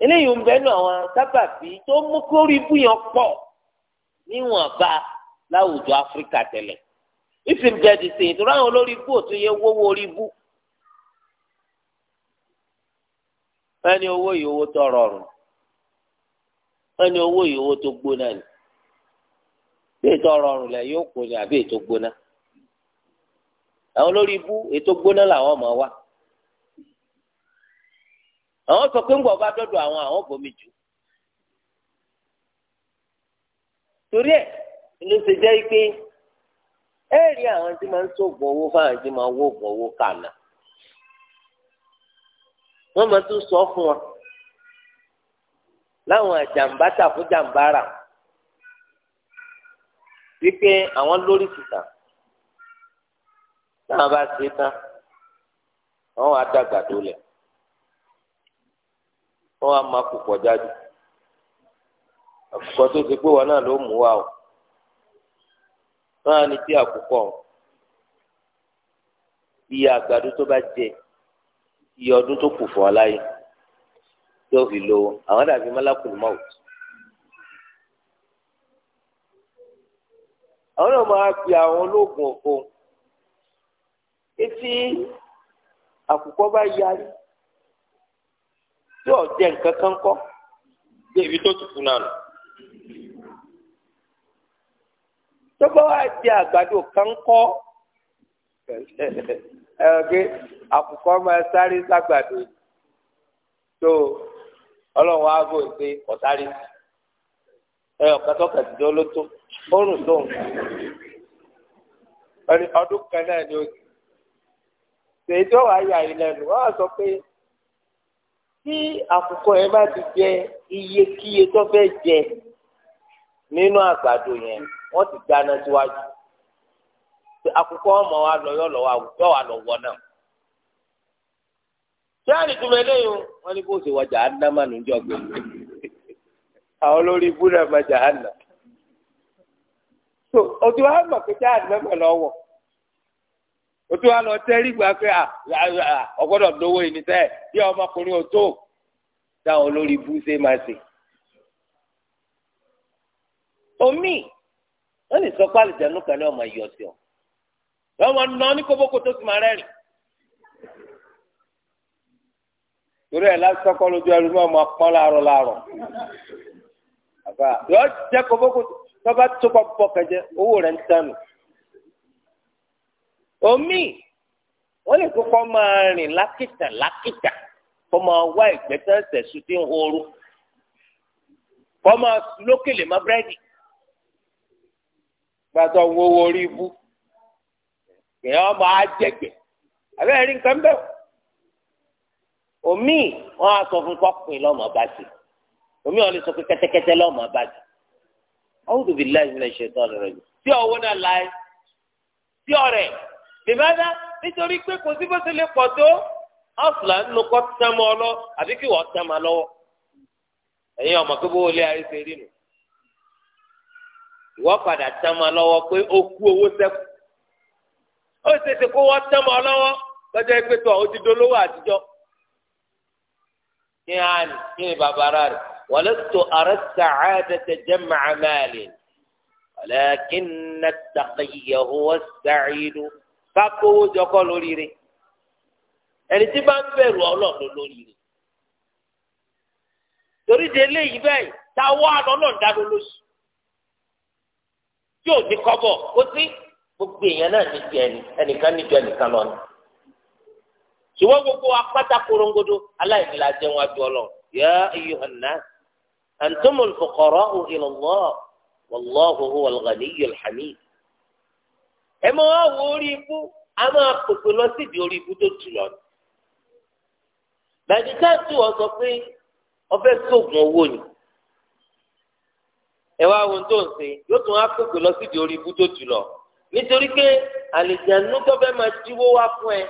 eléyìí ń bẹnu àwọn sábàbí tó mú kórí búyàn pọ̀ níwọ̀nba láwùjọ áfíríkà tẹ́lẹ̀ ìfìm jẹdì sí ìtura àwọn olórí ibú ò yẹ wọwọ orí ibú ẹni owó yìí owó tó rọrùn wọ́n ní owó yìí tó gbóná ni bí ètò ọ̀rọ̀ ọ̀rùn yóò kó ni àbí ètò gbóná àwọn olórí ibú ètò gbóná làwọn máa wa. àwọn sọ pé ń bọ̀ bá dọ́dọ̀ àwọn àwọn bomi jù torí ẹ̀ ló ṣe jẹ́ pé ẹ rí àwọn tí máa ń ṣògùn owó fáwọn tí máa ń wògùn owó kàná wọ́n máa tún sọ fún wọn. láwọn jàǹbá tà fún jàǹbá rà wípé àwọn lórí tìta táwọn bá ṣe tán àwọn wàá dàgbà tó lẹ wọn wàá máa kókò jáde àkùkọ tó ti pé wọn náà ló mú wa o náà ni tí àkùkọ iye àgbàdo tó bá jẹ iye ọdún tó kù fún ọ láyé tí ó fi lówó àwọn dàbí malakul maut. àwọn náà máa fi àwọn ológun òfo etí àkùkọ bá yarí tí ọjẹ nǹkan kan kọ débi tó tukù náà nù. tó bá wá jẹ àgbàdo kan kọ ẹ ẹ pé àkùkọ máa sáré ságbàdo tó ọlọ́run wa bò pé ọ̀tárì ẹ ọ̀katọ́ kàtìjọ́ ló tó oorun tó ń ọdún kan náà ni ó ti tèyí tó wàá yà yín lẹ́nu wọ́n sọ pé tí àkùkọ yẹn bá ti jẹ iyekíye tó fẹ́ jẹ nínú àgbàdo yẹn wọ́n ti dáná síwájú àkùkọ ọmọ wa lọ yọ lọ wa lọ wọ náà. sáàrì tún mẹ o wọn ní kó o sì wọ jahannama nù jọ gbé àwọn olórí jahanna so òtún wa mọ̀ pé jahannama lọ wọ̀ òtún wa lọ tẹ́rí gba pé ah, ah, ọgbọ́dọ̀ lówó yìí ní sẹ́ẹ̀ bí ọmọkùnrin ò tó táwọn olórí ibú ṣe máa ṣe. omi wọn lè sọ pé àlùjánu kan ní ọmọ ìyọ̀sìn ọ̀ wọn mọ nọ ní kóbókó tó ti máa rẹ́rìn. torí ẹ̀ lásán kọ́ lójú ẹrú mọ́ ọmọ pọ́n láàárọ̀ láàárọ̀ àbá yọ jẹ́ kó bókú tọ́ba tó kọ́ bọ́ kẹjẹ owó rẹ̀ ń dànù. omi wọ́n lè kókó máa rìn lákìtà lákìtà kó máa wá ìgbẹ́sẹ̀sẹ̀ sùn tí ń horú kó máa lókèlè má búrẹ́dì gbàtọ̀ wo orí ibú kèèyàn máa jẹ̀gbẹ̀ àbẹ́rẹ́ nǹkan bẹ́ẹ̀. omi wọn á sọ fún kọpin lọmọ omi wọn lè sọ pé kẹtẹkẹtẹ lọmọ bá sí ọwọdù bíi láì nílẹ ṣe tọ lọrọ yìí tí ọwọ náà láì tí ọ̀rẹ́ bìbáná nítorí pé kò sí bó ṣe lè pọ̀ tó ọsùlà nínú kọ tẹmọ ọlọ àbí kí wọn tẹmọ lọ́wọ́ ẹ̀yin ọmọ pé bó wọlé ayé ṣe rí nu ìwọ padà tẹmọ pé ó kú owó ṣẹ́kù ó ṣèṣe kó wọn tẹmọ lọ́wọ́ lọ́jọ́ ìpẹtọ ó ti dolówó kí á ní kí ni bàbára rẹ̀ walastu ara sa'adata jam'a malin walakinna at-taqiyya huwa as-sa'id kákówó jọkọ́ lórí rẹ̀ ẹni tí bá ń bẹ̀rù ọlọ́run lórí rẹ̀ torí de eléyìí bẹ́ẹ̀ tá wá lọ́nà lóṣù yóò ní kọ́bọ̀ kó sí gbogbo èèyàn náà ní tiẹ̀ ní ẹnìkan níjọ ẹnìkan lọ́nà ṣùgbọ́n gbogbo apáta korongodo aláìní la jẹ́ wọn àjọ lọ yá ayyuhan nas antumul fuqara'u ila Allah wallahu huwal ghaniyyul hamid. ẹ máa wo orí ibú a máa pèpè lọ síbi orí ibú tó jù lọ. bàdìjà tí wọ́n sọ pé ọbẹ̀ sóògùn owó ni ẹ wá ohun tó ń ṣe yóò tún wá pèpè lọ síbi orí ibú tó jù lọ nítorí pé àlejò ànútọ́ fẹ́ máa jíwó wá fún ẹ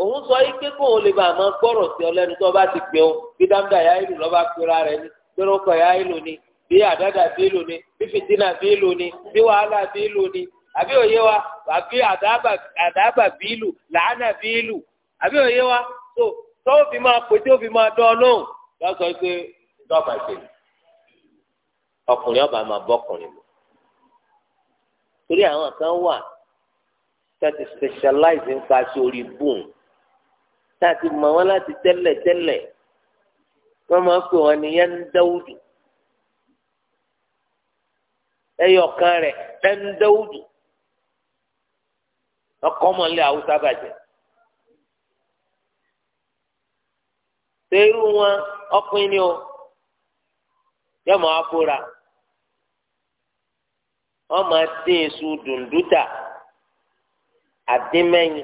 òun sọ yìí pé kóun lè bá àmọ́ gbọ́rọ̀ sí ọlẹ́nu tó bá ti pè ó bí dáńdá ya ìlú lọ́ba pera rẹ̀ ni bí rọ́kọ̀ ya ìlú ni bí àdádà bí ìlú ni bí fìtínà bí ìlú ni bí wàhálà bí ìlú ni àbí òye wa àbí àdábà bí ìlú làánà bí ìlú àbí òye wa tó tó fi máa pè tó fi máa dán lóhùn lọ́sọ̀ pé dọ́ọ̀mà ṣe ọkùnrin ọba máa bọ́kùnrin mu torí àwọn kan wà tẹ́tí specialize nípa sórí bóun tá a ti mọ̀ wọ́n láti tẹ́lẹ̀ tẹ́lẹ̀ wọ́n máa pè wọ́n ní yẹn dáwùdù ẹyọkan rẹ̀ yẹn dáwùdù ọkọ mọlẹ haúsá bàjẹ́ tẹrù wọn ọkùnrin ni o yọọ máa fóra wọ́n máa dín èso dùndú ta àdínmẹyìn.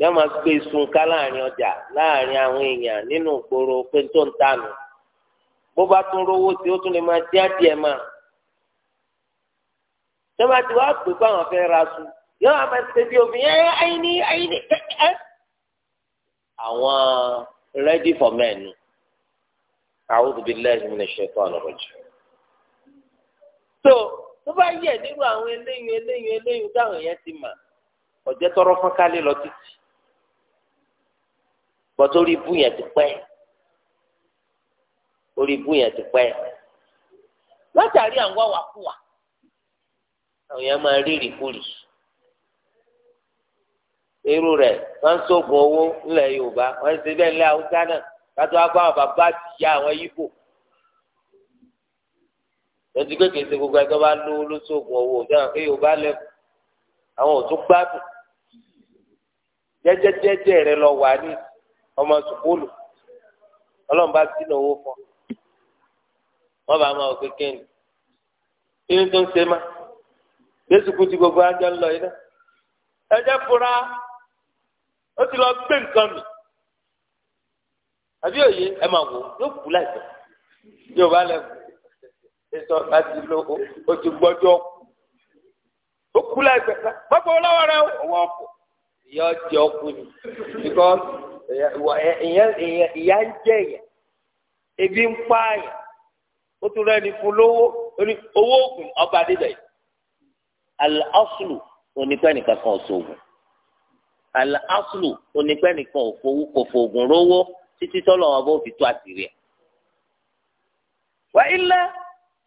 yóò máa gbé sunká láàrin ọjà láàrin àwọn èèyàn nínú ìgboro pé tó ń tànù bó bá tún rówó tí ó tún lè máa díẹ̀ díẹ̀ máa ti pè pé àwọn fẹ́ sùn yóò máa ṣe bí obìnrin ẹ ẹyin ní ní ẹ. àwọn for men a'udhu billahi minash shaitanir rajim. tó tó bá yẹ nínú àwọn eléyìí eléyìí eléyìí táwọn yẹn ti mà tọrọ lọ bọ́tò orí ibú yẹn ti pẹ́ orí ibú yẹn ti pẹ́ látàrí àwọn awàkúwà àwọn yẹn máa rírì kúrì irú rẹ̀ wọ́n ń sóògùn owó ńlẹ̀ Yorùbá wọ́n ń ṣe bẹ́ẹ̀ ńlẹ̀ Haúsá náà kátó wá bá àwọn bàbá ti ya àwọn yíbò lọ́sí pé kìí ṣe gbogbo ẹgbẹ́ bá lówó ló sóògùn owó dáhùn pé Yorùbá lẹ́kọ̀ọ́ àwọn ò tún gbádùn jẹ́jẹ́jẹ́jẹ́ rẹ lọ wà ní ọmọ sùkúlù ọlọ́run bá sí lówó fún ọ wọ́n bá máa wọ kékeré ni kí ni tó ń ṣe má lẹ́sùkú ti gbogbo ajá ń lọ yìí náà ẹjẹ fura ó ti lọ gbé nǹkan mi àbí òye ẹ máa wò yóò kú láìpẹ́ yóò bá lẹ ètò láti lo o ti gbọ́dọ̀ ó kú láìpẹ́ bàbá olówó rẹ owó ìyá ọjọ ọkùnrin because ìyá ń jẹ yẹn ebi ń pààyàn ó tún rẹ́ni fún lówó owó oògùn ọba dídẹ̀ yìí al-aslu onípẹ́nìkan kan ṣoògùn al-aslu onípẹ́nìkan kò fòògùn rówó títí tọ́lọ̀ wọn bó fi tó àtìrí ẹ̀. wà á ilé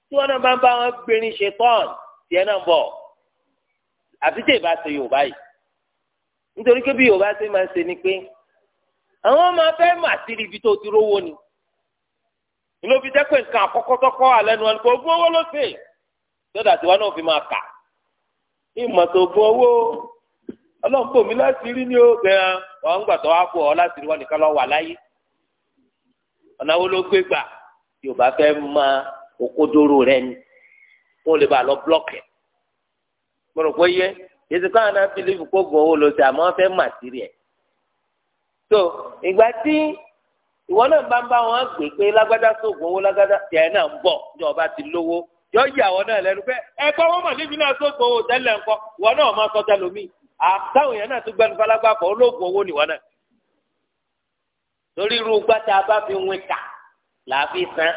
tí wọn náà bá ń bá wọn gbérin ṣe tán tiẹ̀ náà bọ̀ àfi tí èèbá ṣe Yorùbá yìí nítorí pé bí Yorùbá ṣe máa ń ṣe ni pé. àwọn ọmọ fẹ́ mà sí ibi tó ti rówó ni ló fi jẹ́ pé nǹkan àkọ́kọ́ tọ́kọ́ àlẹ́nu ẹni kò gún owó lóṣè sọ́dà tí wọn náà fi máa kà ìmọ̀ tó gún owó ọlọ́run bò mí láti rí ní oge hàn wọn gbà tó wá bò ọ láti rí wọn nìkan lọ wà láyé ọ̀nà wo ló gbé gbà yóò bá fẹ́ òkodoro rẹ ni kó lè lọ mo rò pé yẹ kó owó àmọ́ fẹ́ mà sí rí ẹ̀ so ìgbà tí ìwọ náà bá ń bá wọn gbé pé lágbádá sóògùn owó lágbádá tẹ̀ náà ń bọ̀ ní ọba ti lówó yọ yí àwọn náà lẹ́nu pé ẹgbẹ́ wọn mọ̀ níbi náà sóògùn owó tẹ́lẹ̀ ńkọ ìwọ náà máa sọ tẹlomi àtàwọn èèyàn náà tún gbẹnu falágbá pọ̀ olóògùn owó nìwọ náà torí irú gbàtà bá fi wín kà là á fi sàn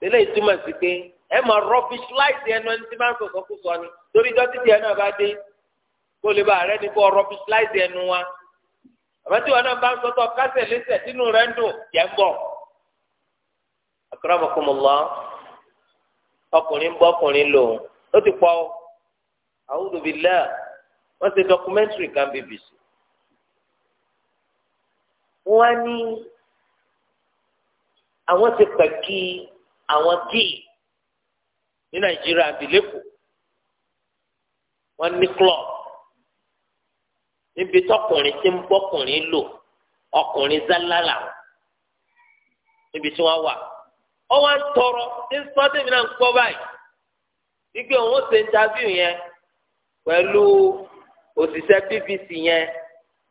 tẹ́lẹ̀ ìtumọ̀ sí pé ẹ mọ rubbish light ẹnu ẹni tí máa ń sọ̀sọ́kù sọ ni torí dọ́tí tiẹ̀ náà bá dé kó rubbish light ẹnu wa àbẹ̀tí wọn náà bá ń sọtọ kásẹ̀ lẹ́sẹ̀ sínú rẹ̀ ń dùn jẹ́ ń bọ̀. akramakumullah ọkùnrin ń bọ́ ọkùnrin lòun ó ti pọ̀ ọ́ a'udhu ṣe dọkumẹ́ntìrì kan BBC. wọ́n á ní àwọn ti pẹ̀ kí àwọn díì ní nàìjíríà àbí lẹ́kọ̀ọ́ ní club níbi tọkùnrin tí ń bọ́kùnrin lò ọkùnrin zálálà níbi tí wọ́n wà ọ wá ń tọrọ tí ń sọ tèmi náà ń gbọ́ báyìí wípé òun ó ṣe interview yẹn pẹ̀lú òṣìṣẹ́ BBC yẹn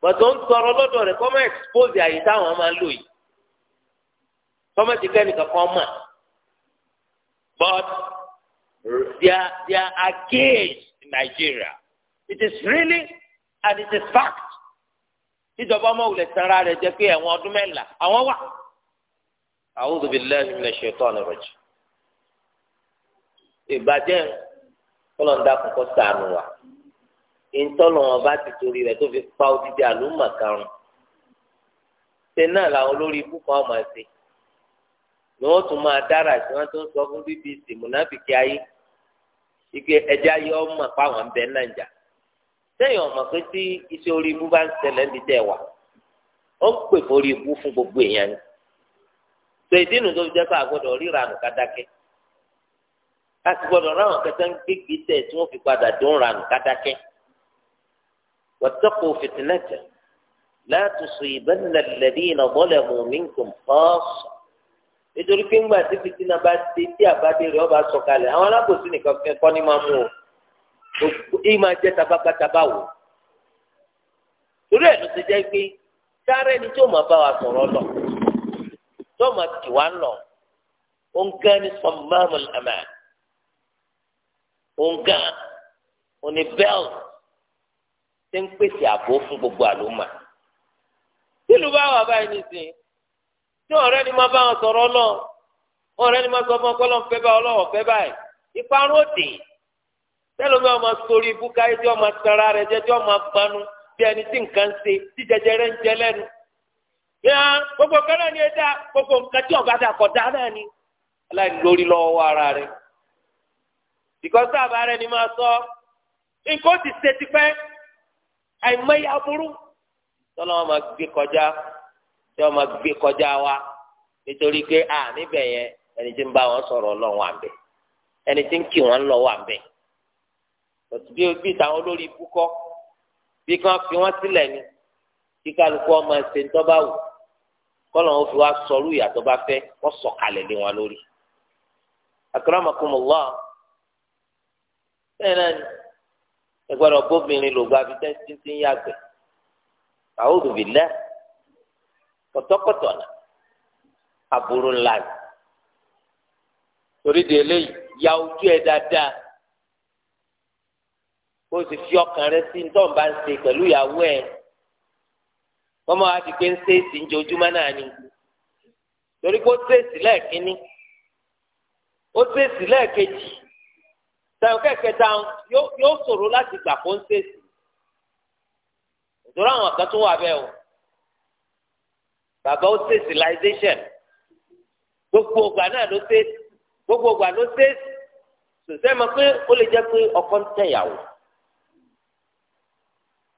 bọ̀tọ̀ ń tọrọ lọ́dọ̀ rẹ̀ kọ́mọ expose àyè táwọn máa ń lò yìí kọ́mọ ti kẹ́ nìkan kan mọ̀ but they are they are against Nigeria it is really and it is fact ìjọba ọmọ wulẹ̀ sanra rẹ̀ jẹ́ pé ẹ̀wọ̀n ọdún mẹ́la àwọn wà. a'udhu billahi minash shaitani rajim. ìbàjẹ́ kọlọ́ńdà kọ́kọ́ sànù wa ìtọ́nà wọn bá ti torí rẹ̀ tó fi pa odidi àlùmọ̀ karùn-ún. ṣe náà làwọn olórí ikú kan máa ṣe ni wọ́n tún máa dára sí wọ́n tó ń sọ fún bbc múnáfìkì ayé ike ẹja yọ ọmọ pàwọn bẹ́ẹ̀ náà jà sẹ́yìn ọmọ pé tí ori orí ibú bá ń ṣẹlẹ̀ ń dìde wà ó gbogbo èèyàn ni tó ìdínú tó fi jẹ́ pé àgbọ̀dọ̀ ríra nù kádákẹ́ láti gbọ́dọ̀ ráwọn kẹta ń gbégbé tẹ̀ tí wọ́n fi padà dún ra nù kádákẹ́ wọ́tọ́kù fìtínẹ́tẹ̀ láti sọ ìbẹ́nà lẹ́dínà mí kùn pọ́ọ̀sọ̀ nítorí pé ńgbà tí fìtínà bá dé tí àbádé rẹ̀ èyí máa jẹ́ tabakataba wò torí ẹ̀ ló ti jẹ́ pé sáré ni tí ó máa bá wa sọ̀rọ̀ lọ tí ó máa tì wá lọ ònkà ni sọmáàmù àmà ònkà òní bẹ́ẹ̀l ti ń pèsè ààbò fún gbogbo àlùmà tìlú bá wà báyìí nìsín tí ọ̀rẹ́ ni máa bá wọn sọ̀rọ̀ lọ ọ̀rẹ́ ni máa sọ fún ọkọ lọ́n fẹ́ báyìí ọlọ́wọ́ fẹ́ báyìí ìparun òdì. tẹlomi ọmọ sori ibùkà yìí tí ọmọ tẹ̀ra rẹ̀ jẹ́ tí ọmọ banu bí ẹni nkan nǹkan tí jẹjẹrẹ ń jẹ lẹ́nu. yíyá gbogbo kan ni ẹ̀dá gbogbo tí ọ̀gá dà kọ̀dá ni. aláìní lórí ara rẹ̀. ìkọ́sí àbá rẹ̀ ni ti ti wa nítorí wọn ń bọ̀tù bí bí táwọn olórí ibú kọ́ bí kí wọ́n fi wọ́n sílẹ̀ ni kí kálukú ọmọ ẹsẹ̀ ńtọ́ bá wù kọ́lọ̀ wọn fi wá sọrú ìyàtọ̀ bá fẹ́ wọ́n sọ̀kalẹ̀ lé wọn lórí. akramakumullah bẹ́ẹ̀ náà ni ẹgbẹ́rún ọgbọ́bìnrin ló abidjan tí ń ti ń yàgbẹ́ a'udhu billah kọ̀tọ́kọ̀tọ̀ aburú ńlá ni torí de eléyìí ya ojú ẹ dáadáa kó o sì fi ọkàn rẹ sí nítorí bá ń ṣe pẹ̀lú ìyàwó ẹ̀ wọ́n máa di pé ń ṣèèsì ń jojúmọ́ náà ni torí kó ṣèèsì lẹ́ẹ̀kínní ó ṣèèsì lẹ́ẹ̀kejì táwọn kẹ̀kẹ́ta yóò ṣòro láti gbà kó ń ṣèèsì ìdúró àwọn kan tó wà bẹ́ẹ̀ o bàbá ó ṣèèsì láìsẹ́sẹ̀ gbogbo ògbà náà ló ṣèèsì gbogbo ògbà ló ṣèèsì sòsẹ́ mọ̀ pé ó lè jẹ́ pé ọkọ ń tẹ̀yàwó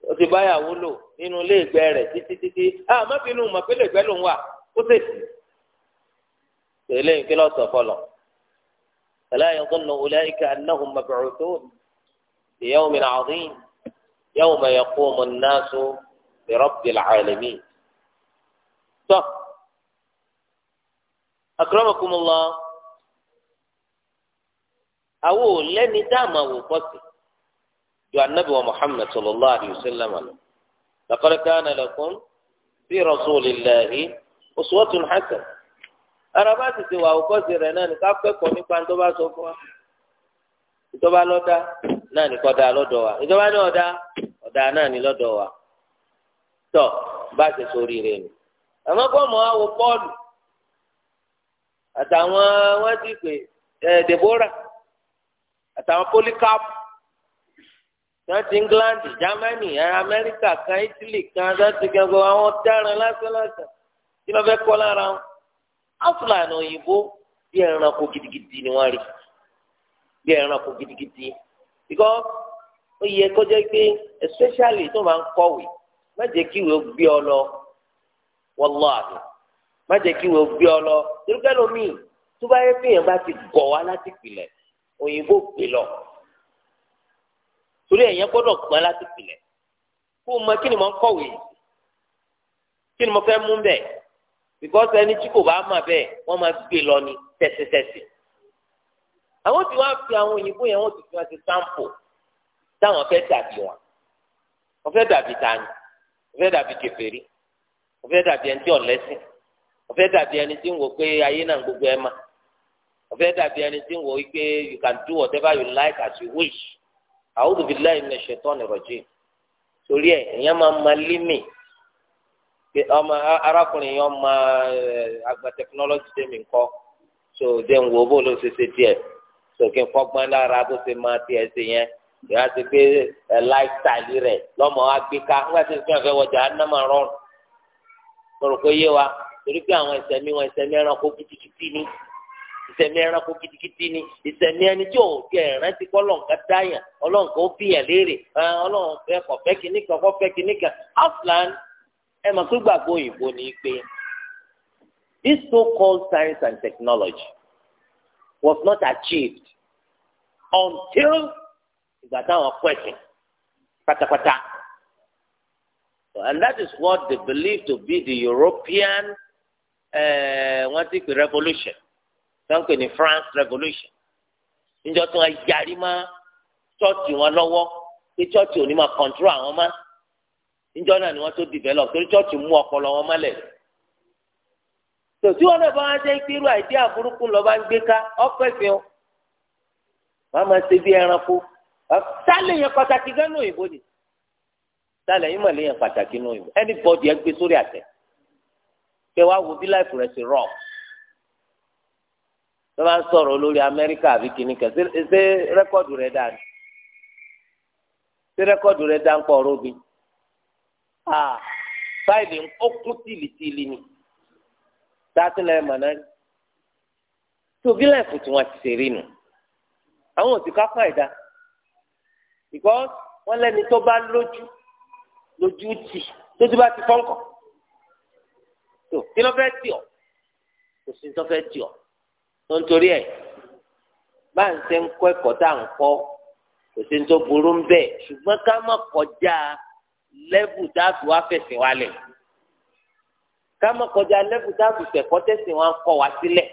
ó ti báyàwó lò nínú ilé ìgbẹ́ rẹ̀ títí títí a ah, má bínú mọ̀ pé lègbẹ́ lòún wà ó tètè tẹ́lẹ̀ ń kí lọ sọ fọlọ ẹlẹ yẹn kó nà wọlé ike anáhùn mabẹ̀rù tó ìyàwó mi náà ọdún yàwó mi yẹ kó mo náà so ìrọbì làálẹmí tọ akọrọmọkùnmọ lọ àwọn ò dáàmà wò pọ̀ ju anabi muhammad sallallahu alayhi wa sallam kana lakum fi rasulillahi uswatun hasan araba ti ti wà òkọ́sí rẹ̀ náà ní ká kẹ́kọ̀ọ́ nípa ní tó bá sọ fún wa naanị kọdaa náà ní láti England Germany Amẹ́ríkà kan Italy kan láti gbogbo àwọn dáran lásánlásán kí ló fẹ́ kọ́ lára wọn afúlàní òyìnbó bí ẹranko gidigidi ni wọ́n rí bí ẹranko gidigidi because ó yẹ kó jẹ́ pé especially tó máa ń kọ̀wé má jẹ́ kí ìwé gbé ọ lọ wọ́láàbí má jẹ́ kí ìwé gbé ọ lọ torí pé lómi tó bá yẹ pé èèyàn bá ti gọ̀ wá láti pilẹ̀ òyìnbó gbé lọ torí ẹ̀yẹ gbọ́dọ̀ gbọ́ láti pilẹ̀ kó o mọ kí ni mo ń kọ̀wé kí ni mo fẹ́ mú bẹ́ẹ̀ bíkọ́sì ẹni tí kò bá mà bẹ́ẹ̀ wọ́n máa gbé lọ ní tẹ́sítẹ́sì àwọn tí wọ́n fi àwọn òyìnbó yẹn wọ́n ti fi wọn ti sáǹpù táwọn fẹ́ dàbí wọn wọ́n fẹ́ dàbí tani wọ́n fẹ́ dàbí kèfèrí wọ́n fẹ́ dàbí ẹni tí ò lẹ́sìn wọ́n fẹ́ dàbí ẹni tí ń wò pé ayé náà gbogbo ẹ̀ mà wọ́n fẹ́ dàbí ẹni tí ń wò pé you can do whatever you like as you wish. a'udhu billahi minash shaitani rajim torí ẹ̀ ìyẹn máa ma límì pé ọmọ arákùnrin yẹn ọmọ eh, àgbà tẹkinọ́lọ́jì tẹ̀mí ńkọ́ so jẹun wo bó ló ṣe ṣe díẹ̀ so kí n fọgbọ́n lára bó ṣe máa tiẹ̀ ṣe yẹn ìyá ti pé ẹ re, rẹ̀ lọ́mọ agbéka nígbà tí ìfihàn fẹ́ wọjà ánámà rọrùn mo rò pé yé wa torí pé àwọn ẹsẹ̀ mi wọn ẹsẹ̀ mi ìsẹ̀mí ẹranko kitikiti ni ìsẹ̀mí ẹni tí ò jẹ ẹ̀rán ti kọ́ lọ́nkà dáyà ọlọ́nkà ó bí yàn léèrè ọlọ́nkà ẹ̀kọ́ fẹ́ kìnnìkan kọ́ fẹ́ kìnnìkan aflan ẹ̀ mọ̀ pé gbàgbọ́ òyìnbó ni pé this so-called science and technology was not achieved until ìgbà táwọn kọ́ ẹ̀sìn pátápátá. And that is what they believe to be the European uh, revolution. sáńpẹ̀ ní France Revolution níjọ́ tí wọ́n yarí má wọn lọ́wọ́ pé chọ́ọ̀tì ò ní máa àwọn ma níjọ́ náà ni wọn tó develop torí chọ́ọ̀tì mú ọpọlọ wọn mọ́lẹ̀ tòtí wọn náà bá wá jẹ́ ìpérò àìdí àbúrúkú lọ bá ń gbé ká fi ṣe bí yẹn pàtàkì gánà òyìnbó ni yìí yẹn pàtàkì òyìnbó tó bá ń sọ̀rọ̀ lórí amẹ́ríkà àbí kìíní kan ṣé rẹ́kọ̀dù rẹ̀ dá ni ṣé rẹ́kọ̀dù rẹ̀ dá ń pọ̀ ọ̀rọ̀ bí fáìlì ń kún tìlìtìlì ni dátìlẹ̀ mọ̀nà tóbi lẹ́ẹ̀kù tí wọ́n ti ṣe rí àwọn òsì ká fàìdá because wọ́n lẹ́ni tó bá lójú lójú tì lójú bá ti fọ́nkọ̀ tó kí ló fẹ́ tì ọ́ kò sí tó fẹ́ tì ọ́ tó ń torí ẹ̀ bá ń ṣe ń kọ́ ẹ̀kọ́ tá à ń kọ́ kò sí ní tó burú ń bẹ̀ ṣùgbọ́n ká má kọjá lẹ́bù dáàbò wá fẹ̀sìn wa lẹ̀ ká má kọjá lẹ́bù dáàbò tẹ̀kọ́ tẹ̀sìn wa ń kọ́ wa sílẹ̀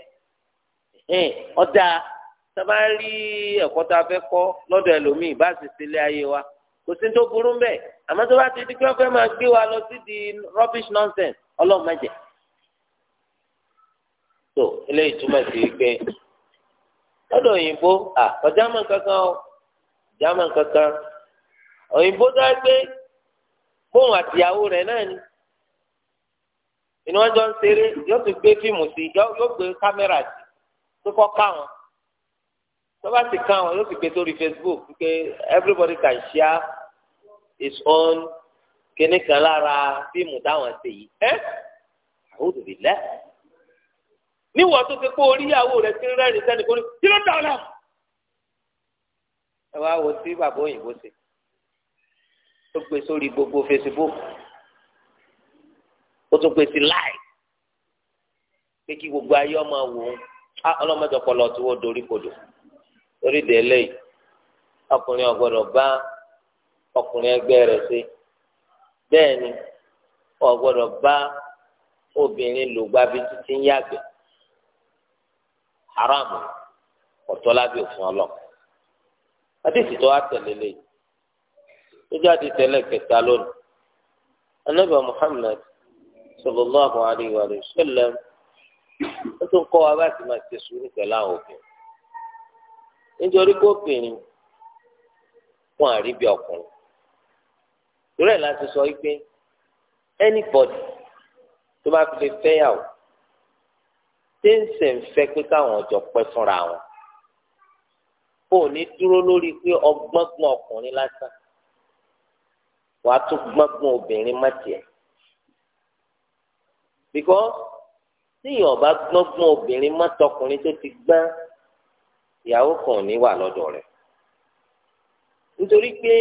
ọ̀dà sábà rí ẹ̀kọ́ tá a fẹ́ kọ́ lọ́dọ̀ ẹlòmíì bá sì sílé ayé wa kò sí ní tó burú ń bẹ̀ àmọ́ tó bá ti di fẹ́ máa gbé wa lọ sí rubbish nonsense ọlọ́run má jẹ́ so eléyìí túmọ̀ sí pé lọ́dọ̀ òyìnbó à kọjá mọ̀ kankan o kọjá mọ̀ kankan òyìnbó tó ẹ gbé bóun àtìyàwó rẹ̀ náà ni inú wọn jọ ń ṣeré yóò tún gbé fíìmù sí i yóò gbé kámẹ́rà sí tó kọ́ ká wọn tó bá ti ká wọn yóò sì gbé sórí Facebook pé everybody can share his own kíní kan lára fíìmù táwọn ṣe yìí ẹ́ àwọn òdòdó lẹ́ẹ̀ níwọ̀n tó ti kó oríyàwó rẹ̀ ti rẹ́rìn sẹ́ni kò ní kí ló dà ọ́ náà. ẹ wá wo sí bàbá òyìnbó ṣe ó gbé sórí gbogbo Facebook ó tún gbé sí láì pé kí gbogbo ayé ọmọ wò ó ah, ọlọ́mọdé ọpọlọ tí wọ́n dorí kodò torí dé lẹ́yìn ọkùnrin ọ̀gbọ́dọ̀ bá ọkùnrin ẹgbẹ́ rẹ̀ ṣe bẹ́ẹ̀ ni ọ̀gbọ́dọ̀ bá obìnrin lògbà bíi títí ń yàgbẹ́ haram ọ̀tọ̀ lábẹ́ òfin ọlọ́run adéṣì tó wá tẹ̀lé lé lójú àdéṣì ẹlẹ́kẹta lónìí anábì muhammed sallallahu alayhi wa sallam ó tún kọ́ wa báyìí máa ṣe sùúrù pẹ̀lú àwọn obìnrin nítorí pé obìnrin wọn àrí bí ọkùnrin ìrẹ́ láti sọ wípé anybody tó bá fi lè fẹ́yàwó ṣé ń sẹ̀ ń fẹ́ pé káwọn ọjọ́ pẹ́ fúnra wọn ò ní dúró lórí pé ọgbọ́ngbọ́n ọkùnrin lásán wàá tún gbọ́ngbọ́n obìnrin má tiẹ̀ because tíyàn bá gbọ́ngbọ́n obìnrin má tọkùnrin tó ti gbọ́n ìyàwó kan ò ní wà lọ́dọ̀ rẹ̀ nítorí pé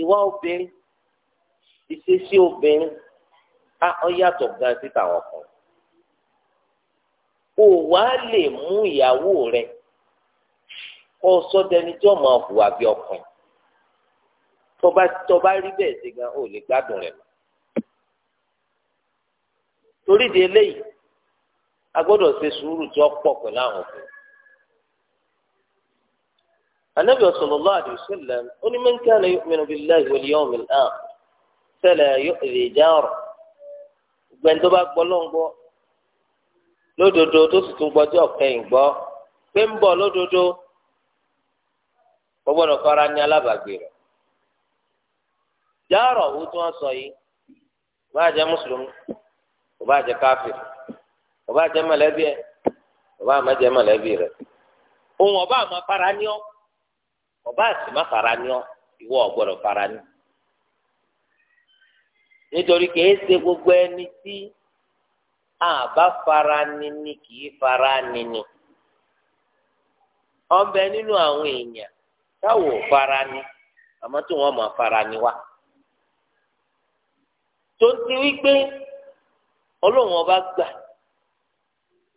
ìwà obìnrin ìṣesí obìnrin á ọ yàtọ̀ gan sí tàwọn o wá lè mú ìyàwó rẹ kó o sọ dẹni tí ọmọ hùwà bí ọkùnrin tọba tọba rí bẹ́ẹ̀ ṣe gan o lè gbádùn rẹ̀ mọ́ torí di eléyìí a gbọ́dọ̀ ṣe sùúrù tí wọ́n pọ̀ pẹ̀lú àwọn òfin anabi sallallahu alaihi wasallam ó ní man kana yu'minu billahi wal yawmil akhir fala yu'dhi jarahu lódodo tó sì tún gbọ́dọ̀ gbọ gbọ́ pé ń bọ̀ lódodo ó fara ní alábàgbé rẹ̀ jáàrọ̀ owó tí wọ́n sọ yìí kò bá jẹ́ mùsùlùmí kò bá bá bá má òun ọba fara ní ọba àti má fara ní ìwọ fara ní gbogbo ẹni tí. àbá fara nini kì í fara nini ọbẹ nínú àwọn èèyàn táwọn ò fara ni àmọ́ tí wọ́n máa fara ni wá tó ti wí pé ọlọ́run ọba gbà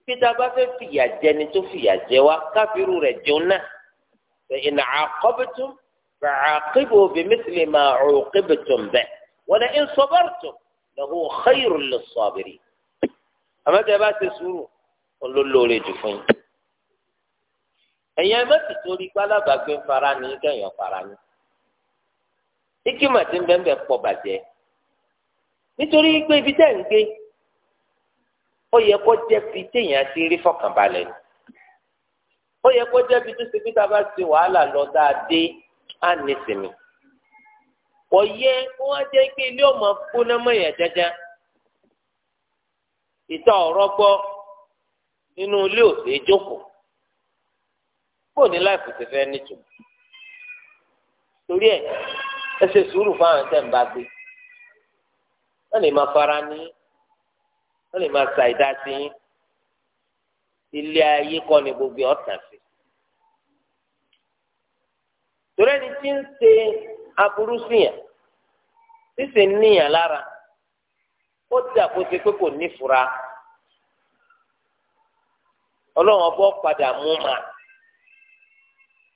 pété a bá fẹ́ fìyà jẹni tó fìyà jẹ wá káfíìrù rẹ̀ jẹun náà ìnà àkọ́bẹ̀tún fàákìbò bímísìlì máa ọ̀rọ̀ kébẹ̀tún wọ́n ní sọ́bẹ̀rẹ̀ tó lọ́wọ́ xeyìrì lọ́sọ̀bìrì. àmọ́ tẹ́ bá ṣe sùúrù olólóore jù fún yín ẹ̀yin ẹ má ti torí pálábàgbé fara ní kẹ́yìn fara ní ikima ti ń bẹ́ẹ̀ bẹ́ẹ̀ pọ̀ bàjẹ́ nítorí pé ibi tẹ́ ń gbé ó yẹ kó jẹ́ bi téèyàn ti rí fọkànbalẹ̀ ni ó yẹ kó jẹ́ bi tó ṣe pé tá a bá ṣe wàhálà lọ dáadé á ní sinmi kò yẹ kó wá jẹ́ pé ilé ọmọ gbóná mọ́ yẹn jẹjẹrẹ ìta ọ̀rọ̀ gbọ́ nínú ilé òsè jókòó kò ní láìpù ti fẹ́ nítumọ̀ torí ẹ ẹ ṣe sùúrù fáwọn tẹ̀ ń bá gbé wọ́n lè máa fara ní wọ́n lè máa sa ìdá sí ilé ayé kọ́ ni gbogbo ọ̀tàn sí torí ẹni tí ń ṣe aburú síyàn sísè níyàn lára ó ti àkóso pé kò nífura ọlọ́run ọbọ̀ padà mú mà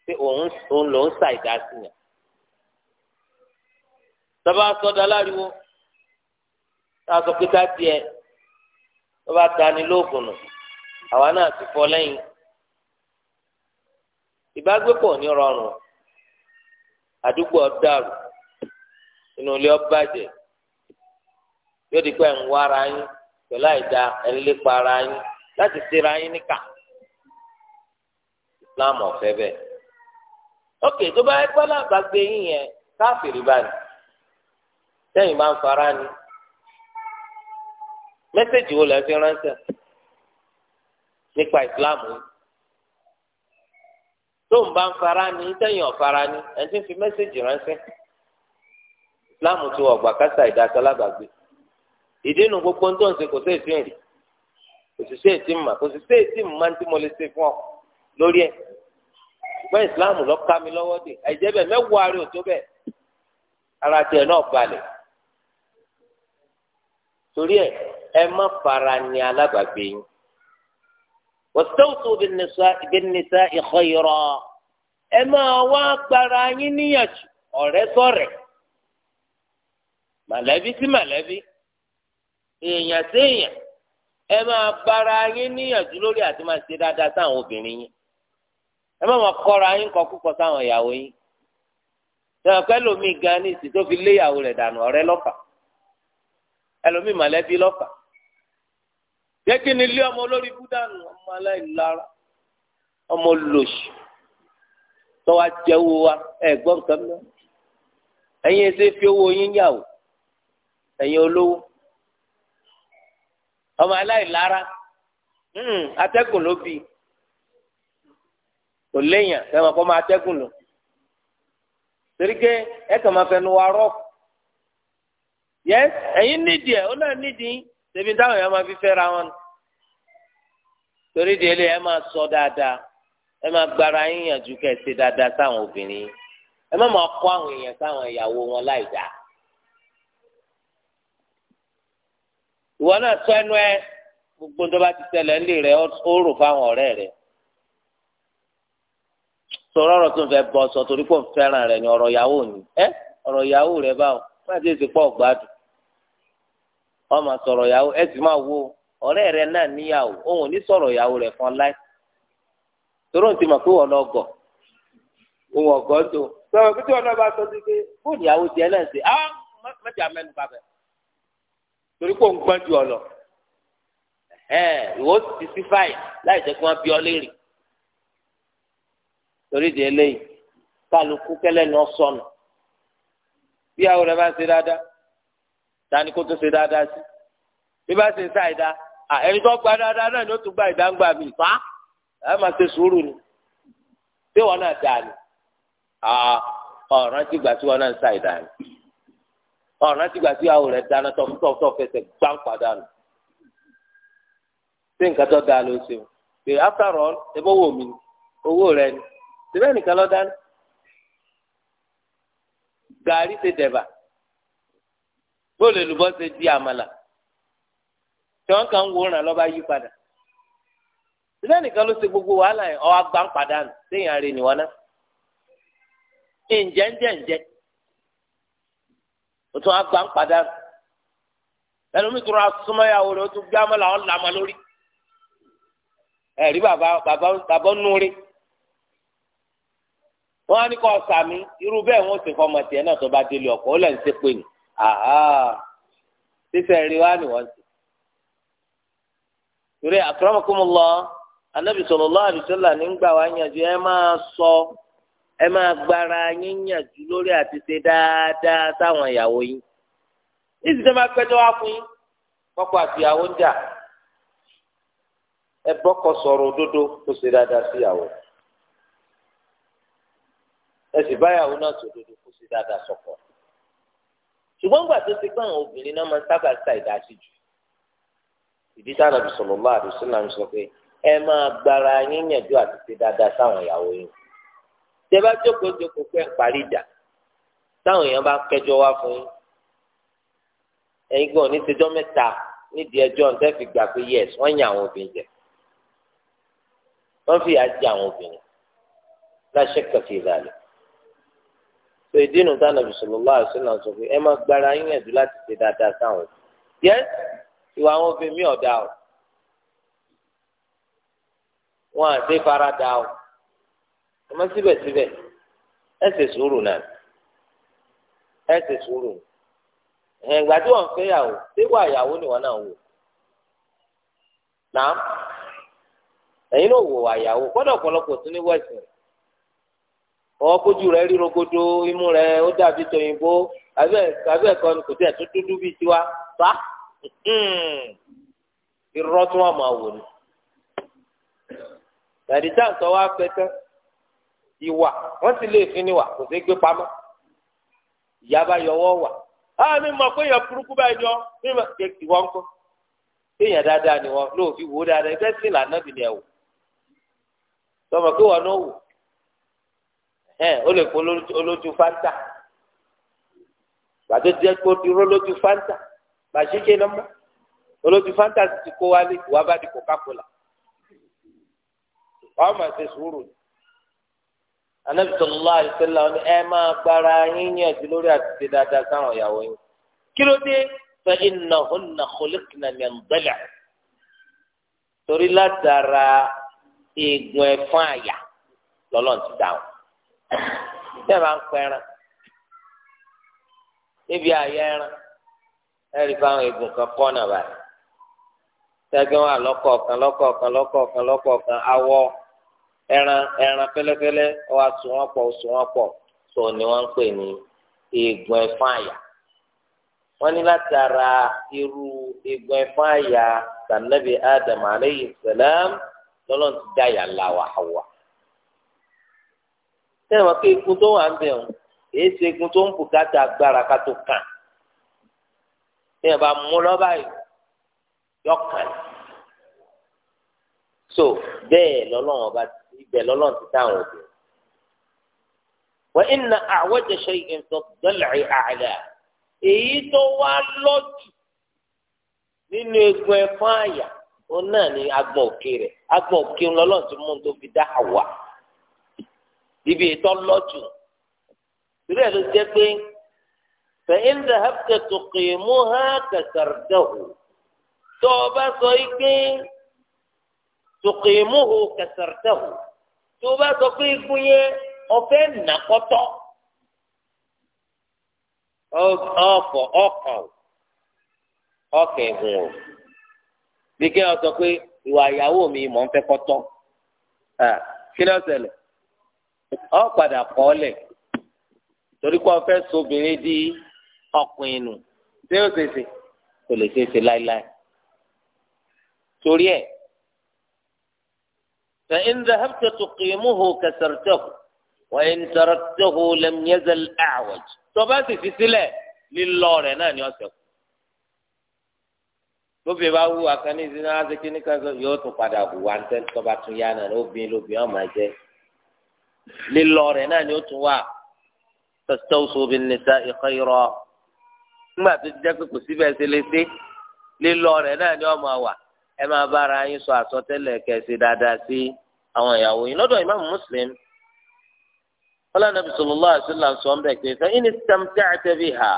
pé òun òun lòún ṣàìdá sí yàn tọ́ba sọ́dọ̀ aláriwo tá sọ pé ká tiẹ̀ tọ́ba tani lóògùn nù àwa náà ti fọ́ lẹ́yìn ìbágbépọ̀ ní rọrùn àdúgbò ọ̀dàrú inú ilé ọ̀bàjẹ́ yóò di pé ń wá ara yín pẹ̀lú àìda ẹ̀ ara yín láti ṣera yín níkà islam ọ̀fẹ́ bẹ́ẹ̀. ok tó bá yẹ pẹ́lú àgbàgbé yín yẹn káfíìrì báyìí sẹ́yìn bá ń fara ni mẹ́sẹ̀jì wo lẹ́ fi ránṣẹ́ nípa islam yìí tó ń bá ń fara ni sẹ́yìn ọ̀fara ni ẹ̀ ń fi ránṣẹ́ ìdínú gbogbo ń tó ń ṣe kò sí èsì ń rí kò sì sí èsì mà kò sì sí èsì mà tí mo lè ṣe fún ọ lórí ẹ ṣùgbọ́n ìsìláàmù lọ ká mi lọ́wọ́ dé àìjẹ́ bẹ́ẹ̀ mẹ́wàá rí òtó bẹ́ẹ̀ ara tiẹ̀ náà balẹ̀ torí ẹ ẹ má fara ní alábàgbé yín wọ́sítọ́wọ́sọ ìbínisá ìkọ́ ìrọ̀ ẹ máa wá gbára yín níyànjú ọ̀rẹ́ sọ̀rẹ́ màlẹ́bí sí màlẹ́bí. Si èèyàn séèyàn ẹ máa bára yín níyànjú lórí àti máa ṣe dáadáa sáwọn obìnrin yín ẹ má máa kọ́ra yín kọ́ púpọ̀ sáwọn ìyàwó yín sọ̀rọ̀ pé ẹlòmíì gan ní ìsìn tó fi lé ìyàwó rẹ̀ dànù ọ̀rẹ́ lọ́fà ẹlòmíì mọ̀lẹ́bí lọ́fà jẹ́ kí ni ilé ọmọ olórí búdànù ọmọ aláìlára ọmọ olóṣù tọ́wá jẹ́wọ́ wa ẹ̀ gbọ́ nǹkan mọ́ ẹ̀yin ẹsẹ̀ fi owó yín yàwó ẹ̀yin olówó ọmọ aláìlára hmm, atẹ́gùn ló bí kò léèyàn ẹ̀wọ̀n kọ́ máa atẹ́gùn lò toríke ẹ kàn máa fẹnu wa rọ́ọ̀kù yẹ ẹ̀yin nídìí ẹ̀ ó náà nídìí tẹ̀mí táwọn èèyàn máa fi fẹ́ ra wọn torí délé ẹ máa sọ dáadáa ẹ máa gbára yín yànjú kẹ́ dáadáa sáwọn obìnrin ẹ má máa kó àwọn èèyàn sáwọn ìyàwó wọn láì dáa ìwọ náà sọ ẹnu ẹ gbogbo tó bá ti ṣẹlẹ̀ ńlẹ̀ rẹ ó rò fáwọn ọ̀rẹ́ rẹ sọ̀rọ̀ tó ń fẹ́ bọ̀ sọ torí rẹ ni ọ̀rọ̀ ìyàwó ni ẹ ọ̀rọ̀ ìyàwó rẹ báwo má ti èsì pọ̀ gbádùn ọmọ ìyàwó ẹ sì máa wo rẹ náà níyàwó òun ò ní ìyàwó rẹ fún ọ láì ti torí kò ń gbọ́n ju ọ lọ ìwọ ti sí fáì láì jẹ́ kí wọ́n bí ọ léèrè torí di eléyìí kálukú kẹlẹ́ ni ọ sọnù bí àwọn rẹ bá ṣe dáadáa tani kó tó ṣe dáadáa sí bí bá ṣe ń ṣàìdá ẹni tó gba dáadáa náà ni ó tún gba ìdáǹgbà mi fa ẹ máa ṣe sùúrù ni tí wọn náà dáa ni ọ̀ràn ti gbà tí wọn náà ń ṣàìdá ni. ọ̀ràn tìgbà tí àwọn rẹ̀ dáná tọ́fútọ́fútọ́ fẹsẹ̀ gbáǹ padànù sí nǹkan tó dáa ló ṣe o pé after all ẹbọ wò mí owó rẹ ni síbẹ̀ nìkan lọ́ dáná gàrí ṣe dẹ̀bà bóòlù èlùbọ́ ṣe di àmàlà tí wọ́n kàn ń wòran lọ́ba yí padà síbẹ̀ nìkan ló ṣe gbogbo wàhálà yẹn ọ̀ agbáǹ padànù séèyàn rè níwọ̀n náà ǹjẹ́ ǹjẹ́ ǹjẹ́ o tún agbá ń padà ẹlòmíì tó ra súnmọ́yàwó rẹ̀ o tún gbé amọ́là ọ̀ làmọ́ lórí ẹ̀rí bàbá bàbá bàbá núrí wọ́n á ní kọ́ sàmì irú bẹ́ẹ̀ wọ́n sì fọmọ tiẹ̀ náà tó bá délé ọkọ̀ ó lẹ̀ ń sépè ní sísẹ̀ rí wá ni wọ́n ti torí akramakumullah anabi sallallahu alaihi wasallam nígbà wá yanjú ẹ máa sọ. So, ẹ máa gbára yíyànjú lórí àti ṣe dáadáa sáwọn ìyàwó yín níbi tí wọn bá pẹjọ wá fún yín kọkọ àti ìyàwó ń jà ẹ bọkọ sọ̀rọ̀ òdodo kó ṣe dáadáa sí ìyàwó ẹ sì bá ìyàwó náà sọ òdodo kó ṣe dáadáa sọ́kọ ṣùgbọ́n gbà tó ti pé àwọn obìnrin náà máa ń sábà sa ìdásí jù ìdí táwọn àbísọ̀lọ́lá àdùsílà ń sọ pé ẹ máa gbára yín yànjú dáadáa sáwọn ìyàwó yín tẹ bá jókòó jókòó pé ń parí ìjà táwọn èèyàn bá kẹ́jọ́ wá fún yín ẹ̀yin gan ní ṣẹjọ́ mẹ́ta nídìí ẹjọ́ ń tẹ́ fi gbà pé yes wọ́n yàn àwọn obìnrin jẹ wọ́n fìyà jẹ àwọn obìnrin láṣẹ kẹfì ìdálẹ̀ tó ìdí nu tá nàbì sallallahu alaihi wasallam sọ pé ẹ má gbára yín ẹ̀dú láti ṣe dáadáa sáwọn yẹ ìwà àwọn obìnrin mi ọ̀dà o wọn àti farada o. Ọmọ síbẹ̀síbẹ̀ ẹ ṣe sùúrù náà ẹ ṣe sùúrù ìgbà tí wọ́n fẹ́ yàwó dégbà yàwó ni wọ́n náà wò náà ẹ̀yin náà wò àyàwó gbọ́dọ̀ ọ̀pọ̀lọpọ̀ sí ní wẹ̀sìn ọwọ́ kójú rẹ̀ rí imú rẹ̀ ó dàbí tòyìnbó abẹ́ ẹ̀kọ́ ni kò tó dúdú bíi tiwa irọ́ wò ni. Tàdí ìwà wọ́n sì lè fi níwà kò sí gbé pamọ́ ìyá bá yọwọ́ wà á ah, mi mọ̀ pé èèyàn burúkú báyìí jọ mi mọ̀ pé ìwọ ń kọ́ èèyàn dáadáa ni wọn lóòfin wò ó dáadáa ẹgbẹ́ sí ìlànà ìbílẹ̀ wò tọmọ pé wọn náà wò ẹ ó lè kó olójú fanta gbàtó jẹ kó dúró lójú fanta gbàṣíkè lọmọ olójú fanta ti kó wálé wàá bá di coca cola wọn máa ṣe sùúrù ni anabi sallallahu alaihi wasallam ẹ máa gbára yín ní ẹ̀jú lórí àtìsí dáadáa sáwọn ìyàwó yín kí ló dé fa innahunna khuliqna min dala' torí látara eegun ẹ̀fọn àyà lọ́lọ́run ti dáhùn bẹ́ẹ̀ máa ń pẹran níbi àyà ẹran ẹ̀rí fáwọn eegun kan kọ́ náà báyìí tẹ́gbẹ́ wọn àlọ́kọ̀ọ̀kan lọ́kọ̀ọ̀kan lọ́kọ̀ọ̀kan lọ́kọ̀ọ̀kan awọ́. ẹran ẹran fẹlẹfẹlẹ ọ wọn pọ tó ni wọ́n ń pè ní eegun àyà ní irú eegun àyà sànẹbi adam aleyhi sẹlẹm lọlọrun ti dá yà wọn egun tó wà ń bẹ̀ ọ́n èyí ṣe egun tó ń bùkátà agbára ká tó kàn sẹ́yìn bá mú lọ́ba yọkàn so bẹ́ẹ̀ lọ́lọ́run ọba ibẹ̀ lọ́lọ́run ti dáhùn òbí. wọ́n iná àwọ̀jẹ̀ ṣe ìgbìntàn dọ́làrí àlà èyí tó wá lọ́jù nínú egun ẹ̀fọn àyà ó náà ni agbọ̀n òkè rẹ̀ agbọ̀n òkè lọ́lọ́run ti mú un tó fi ibi lọ́jù ẹ̀ ló jẹ́ pé fẹ̀yìn hàn tó tòkèémùhù kẹsàrtẹ̀hù tó bá sọ pé igun yẹn ọ̀fẹ́ nàkọ́tọ́ ọ̀fọ̀ ọ̀kàn ọ̀kẹ́ ìgùn o bí kí wọ́n sọ pé ìwà ìyàwó mi mọ̀ ń fẹ́ kọ́tọ́ kí ló ṣẹlẹ̀ ọ̀ padà kọ́ lẹ̀ torí kó ọ̀fẹ́ sobìnrin di ọkùnrin nù ṣé ó ṣe ṣe láéláé torí ẹ̀. فإن ذهبت تقيمه كسرته وإن تركته لم يزل أعوج tọba sì fi sílẹ̀ lílọ rẹ̀ náà ni ọ̀sẹ̀ kù lóbi bá wú àkànní ìsinmi láti kí nìkan sọ yóò tún padà wù wá ntẹ tọba tún yá náà ní obìnrin lóbìnrin ọmọ ẹjẹ lílọ rẹ̀ náà ni ó tún wà tastawsu bin nisa'i khayra nígbà tó ti jẹ́ kò síbẹ̀ ṣe lé sí lílọ rẹ̀ náà ni ọmọ wà ẹ máa bára yín sọ àsọtẹ́lẹ̀ kẹsì dáadáa sí àwọn ìyàwó yín lọ́dọ̀ imam Muslim ọlọ́run nàbì sallallahu sọ ń bẹ̀ pé sọ in istamta'ta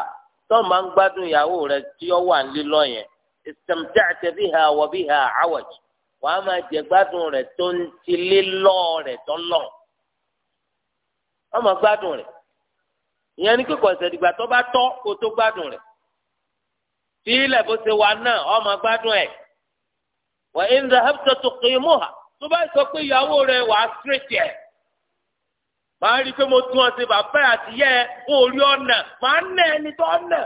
tó máa ń gbádùn ìyàwó rẹ tí ó wà nílọ yẹn ha biha wa biha awaj wà á máa jẹ gbádùn rẹ tó ń ti lílọ rẹ tó lọ wọ́n máa gbádùn rẹ ìyẹn ní tó bá wà á ń zahabta tuqimuha tó bá sọ pé ìyàwó rẹ wà á sírètì ẹ̀ màá rí i pé mo tún ọ sí bàbá àti yẹ ẹ orí ọ̀nà màá nà ẹni tó ọ̀nà.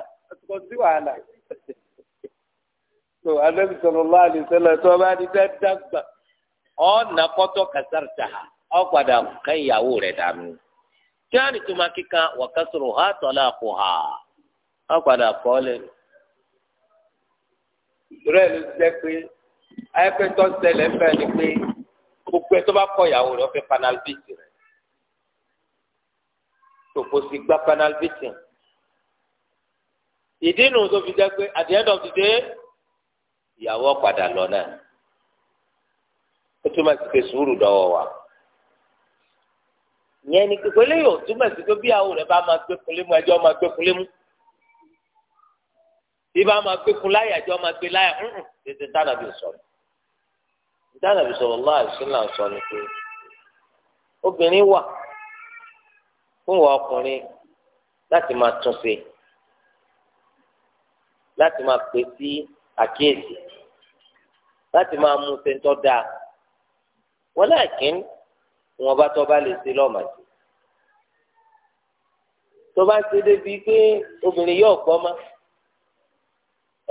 kò sí wàhálà tó anabi sallallahu alaihi wasallam tó bá ní fẹ́ dàgbà ọ̀nà kọ́tọ́ kàtàrìtà ọ̀padà kan ìyàwó rẹ̀ dànù kí á ní tuma kíkan wà kásòrò ha tọ́lá kó ha ọ̀padà kọ́ lẹ́nu. ìrẹ́lú jẹ́ pé ayẹpẹ tó ń ṣẹlẹ̀ ń bẹ ni pé gbogbo ẹ tó bá kọ ìyàwó rẹ̀ ọfẹ panel beat rẹ̀ tòkó sì gba panel beating ìdí nu tó fi jẹ́ pé at the end of the day ìyàwó padà lọ náà ó túmọ̀ sí pé sùúrù dọ̀wọ́ wa yẹn ni pẹ̀lú yóò túmọ̀ sí pé bí àwọn rẹ̀ bá máa gbé kunlé mu ẹjọ́ máa gbé kunlé mu bí bá máa gbé kun láyà ẹjọ́ máa gbé láyà ń ń tètè tánà bí sọ̀rọ̀ dáná bí sọ̀rọ̀ lọ́wọ́ àìsílà sọ ni pé obìnrin wà fún wa ọkùnrin láti máa tún ṣe láti máa pè sí àkíyèsí láti máa mú sentọ́ dáa wọn náà kí ń wọn bá tọ́ bá lè ṣe lọ́màdì tó bá ṣe débi pé obìnrin yóò gbọ́ mọ́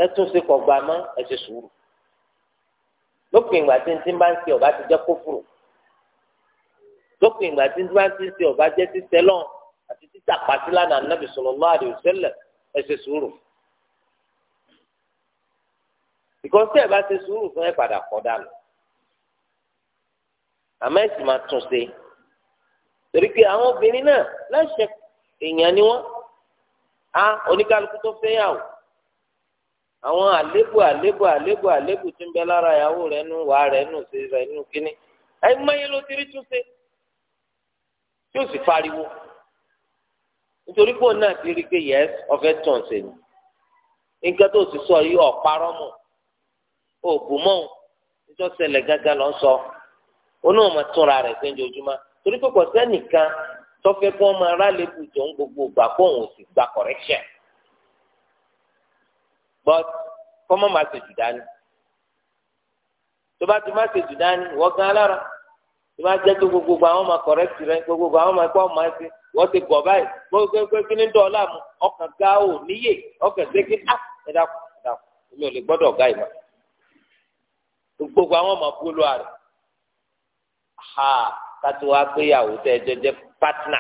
ẹ tún ṣe kọ̀gbà mọ́ ẹ ṣe sùúrù lópin ìgbà tí ti bá ń ṣe ọba ti jẹ́ kófòrò lópin ìgbà tí ti bá ń ṣe ọba jẹ́ títẹ́ lọ́n àti títà pàtí lánàá nàbì sallallahu alaihi wasallam ẹ ṣe sùúrù ìkọ́sí ẹ̀ bá ṣe sùúrù fún ẹ padà kọ́ dànù àmọ́ ẹ̀sìn máa tún ṣe torí pé àwọn obìnrin náà láṣẹ èèyàn ni wọ́n á oníkálukú tó fẹ́ yàwó àwọn àlébù àlébù àlébù àlébù tí ń bẹ lára ìyàwó rẹ nù wà rẹ nù sí rẹ nù kíní ẹ mọyé ló ti rí túnṣe tí ó sì fariwo nítorí pé òun náà ti rí i pé yẹs ọfẹ tàn ṣe ni nǹkan tó sì sọ yìí ọ̀parọ́ mọ̀ òògùn mọ́ níjọ́ ṣẹlẹ̀ gángan lọ sọ onú ọmọ túnra rẹ̀ pé ojoojúmọ́ torí pé kò sẹ́nìkan tọ́fẹ́ kí wọ́n máa rálẹ́kù tó ń gbogbo gbà kó òun sì gba correction but kọ́mọ́ máa ṣe jù dání tó bá ti máa ṣe jù dání wọ́n gan alára tó bá jẹ́ pé gbogbo àwọn máa kọ̀rẹ́tì rẹ gbogbo àwọn ma kọ́ máa ṣe wọ́n ti gbọ̀ báyìí gbogbo pé kí ni mu ọkàn ga ò níyè ọkàn ṣe kí á ah, ẹ dákú ẹ dákú ò lè gbọ́dọ̀ ọ̀gá ìmọ̀ gbogbo àwọn máa bolo àrẹ ha kátó wá gbéyàwó tẹ jẹjẹ pátánà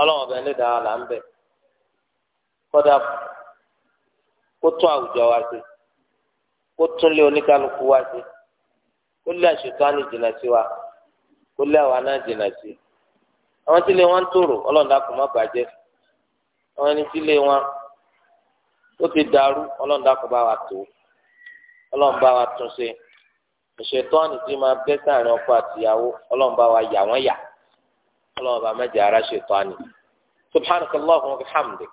ọlọ́wọ́n bẹ́ẹ̀ là ń kọ́dà kó tún àwùjọ wa ṣe kó tún lé wa kó lé àṣetánì jìnnà sí wa kó lé àwa náà jìnnà sí àwọn tí ilé wọn ń tòrò ọlọ́ọ̀dà kò má bàjẹ́ àwọn ẹni tí ilé wọn ó ti dàrú bá wa tó ọlọ́ọ̀dà wa tún ṣe ìṣètọ́ni tí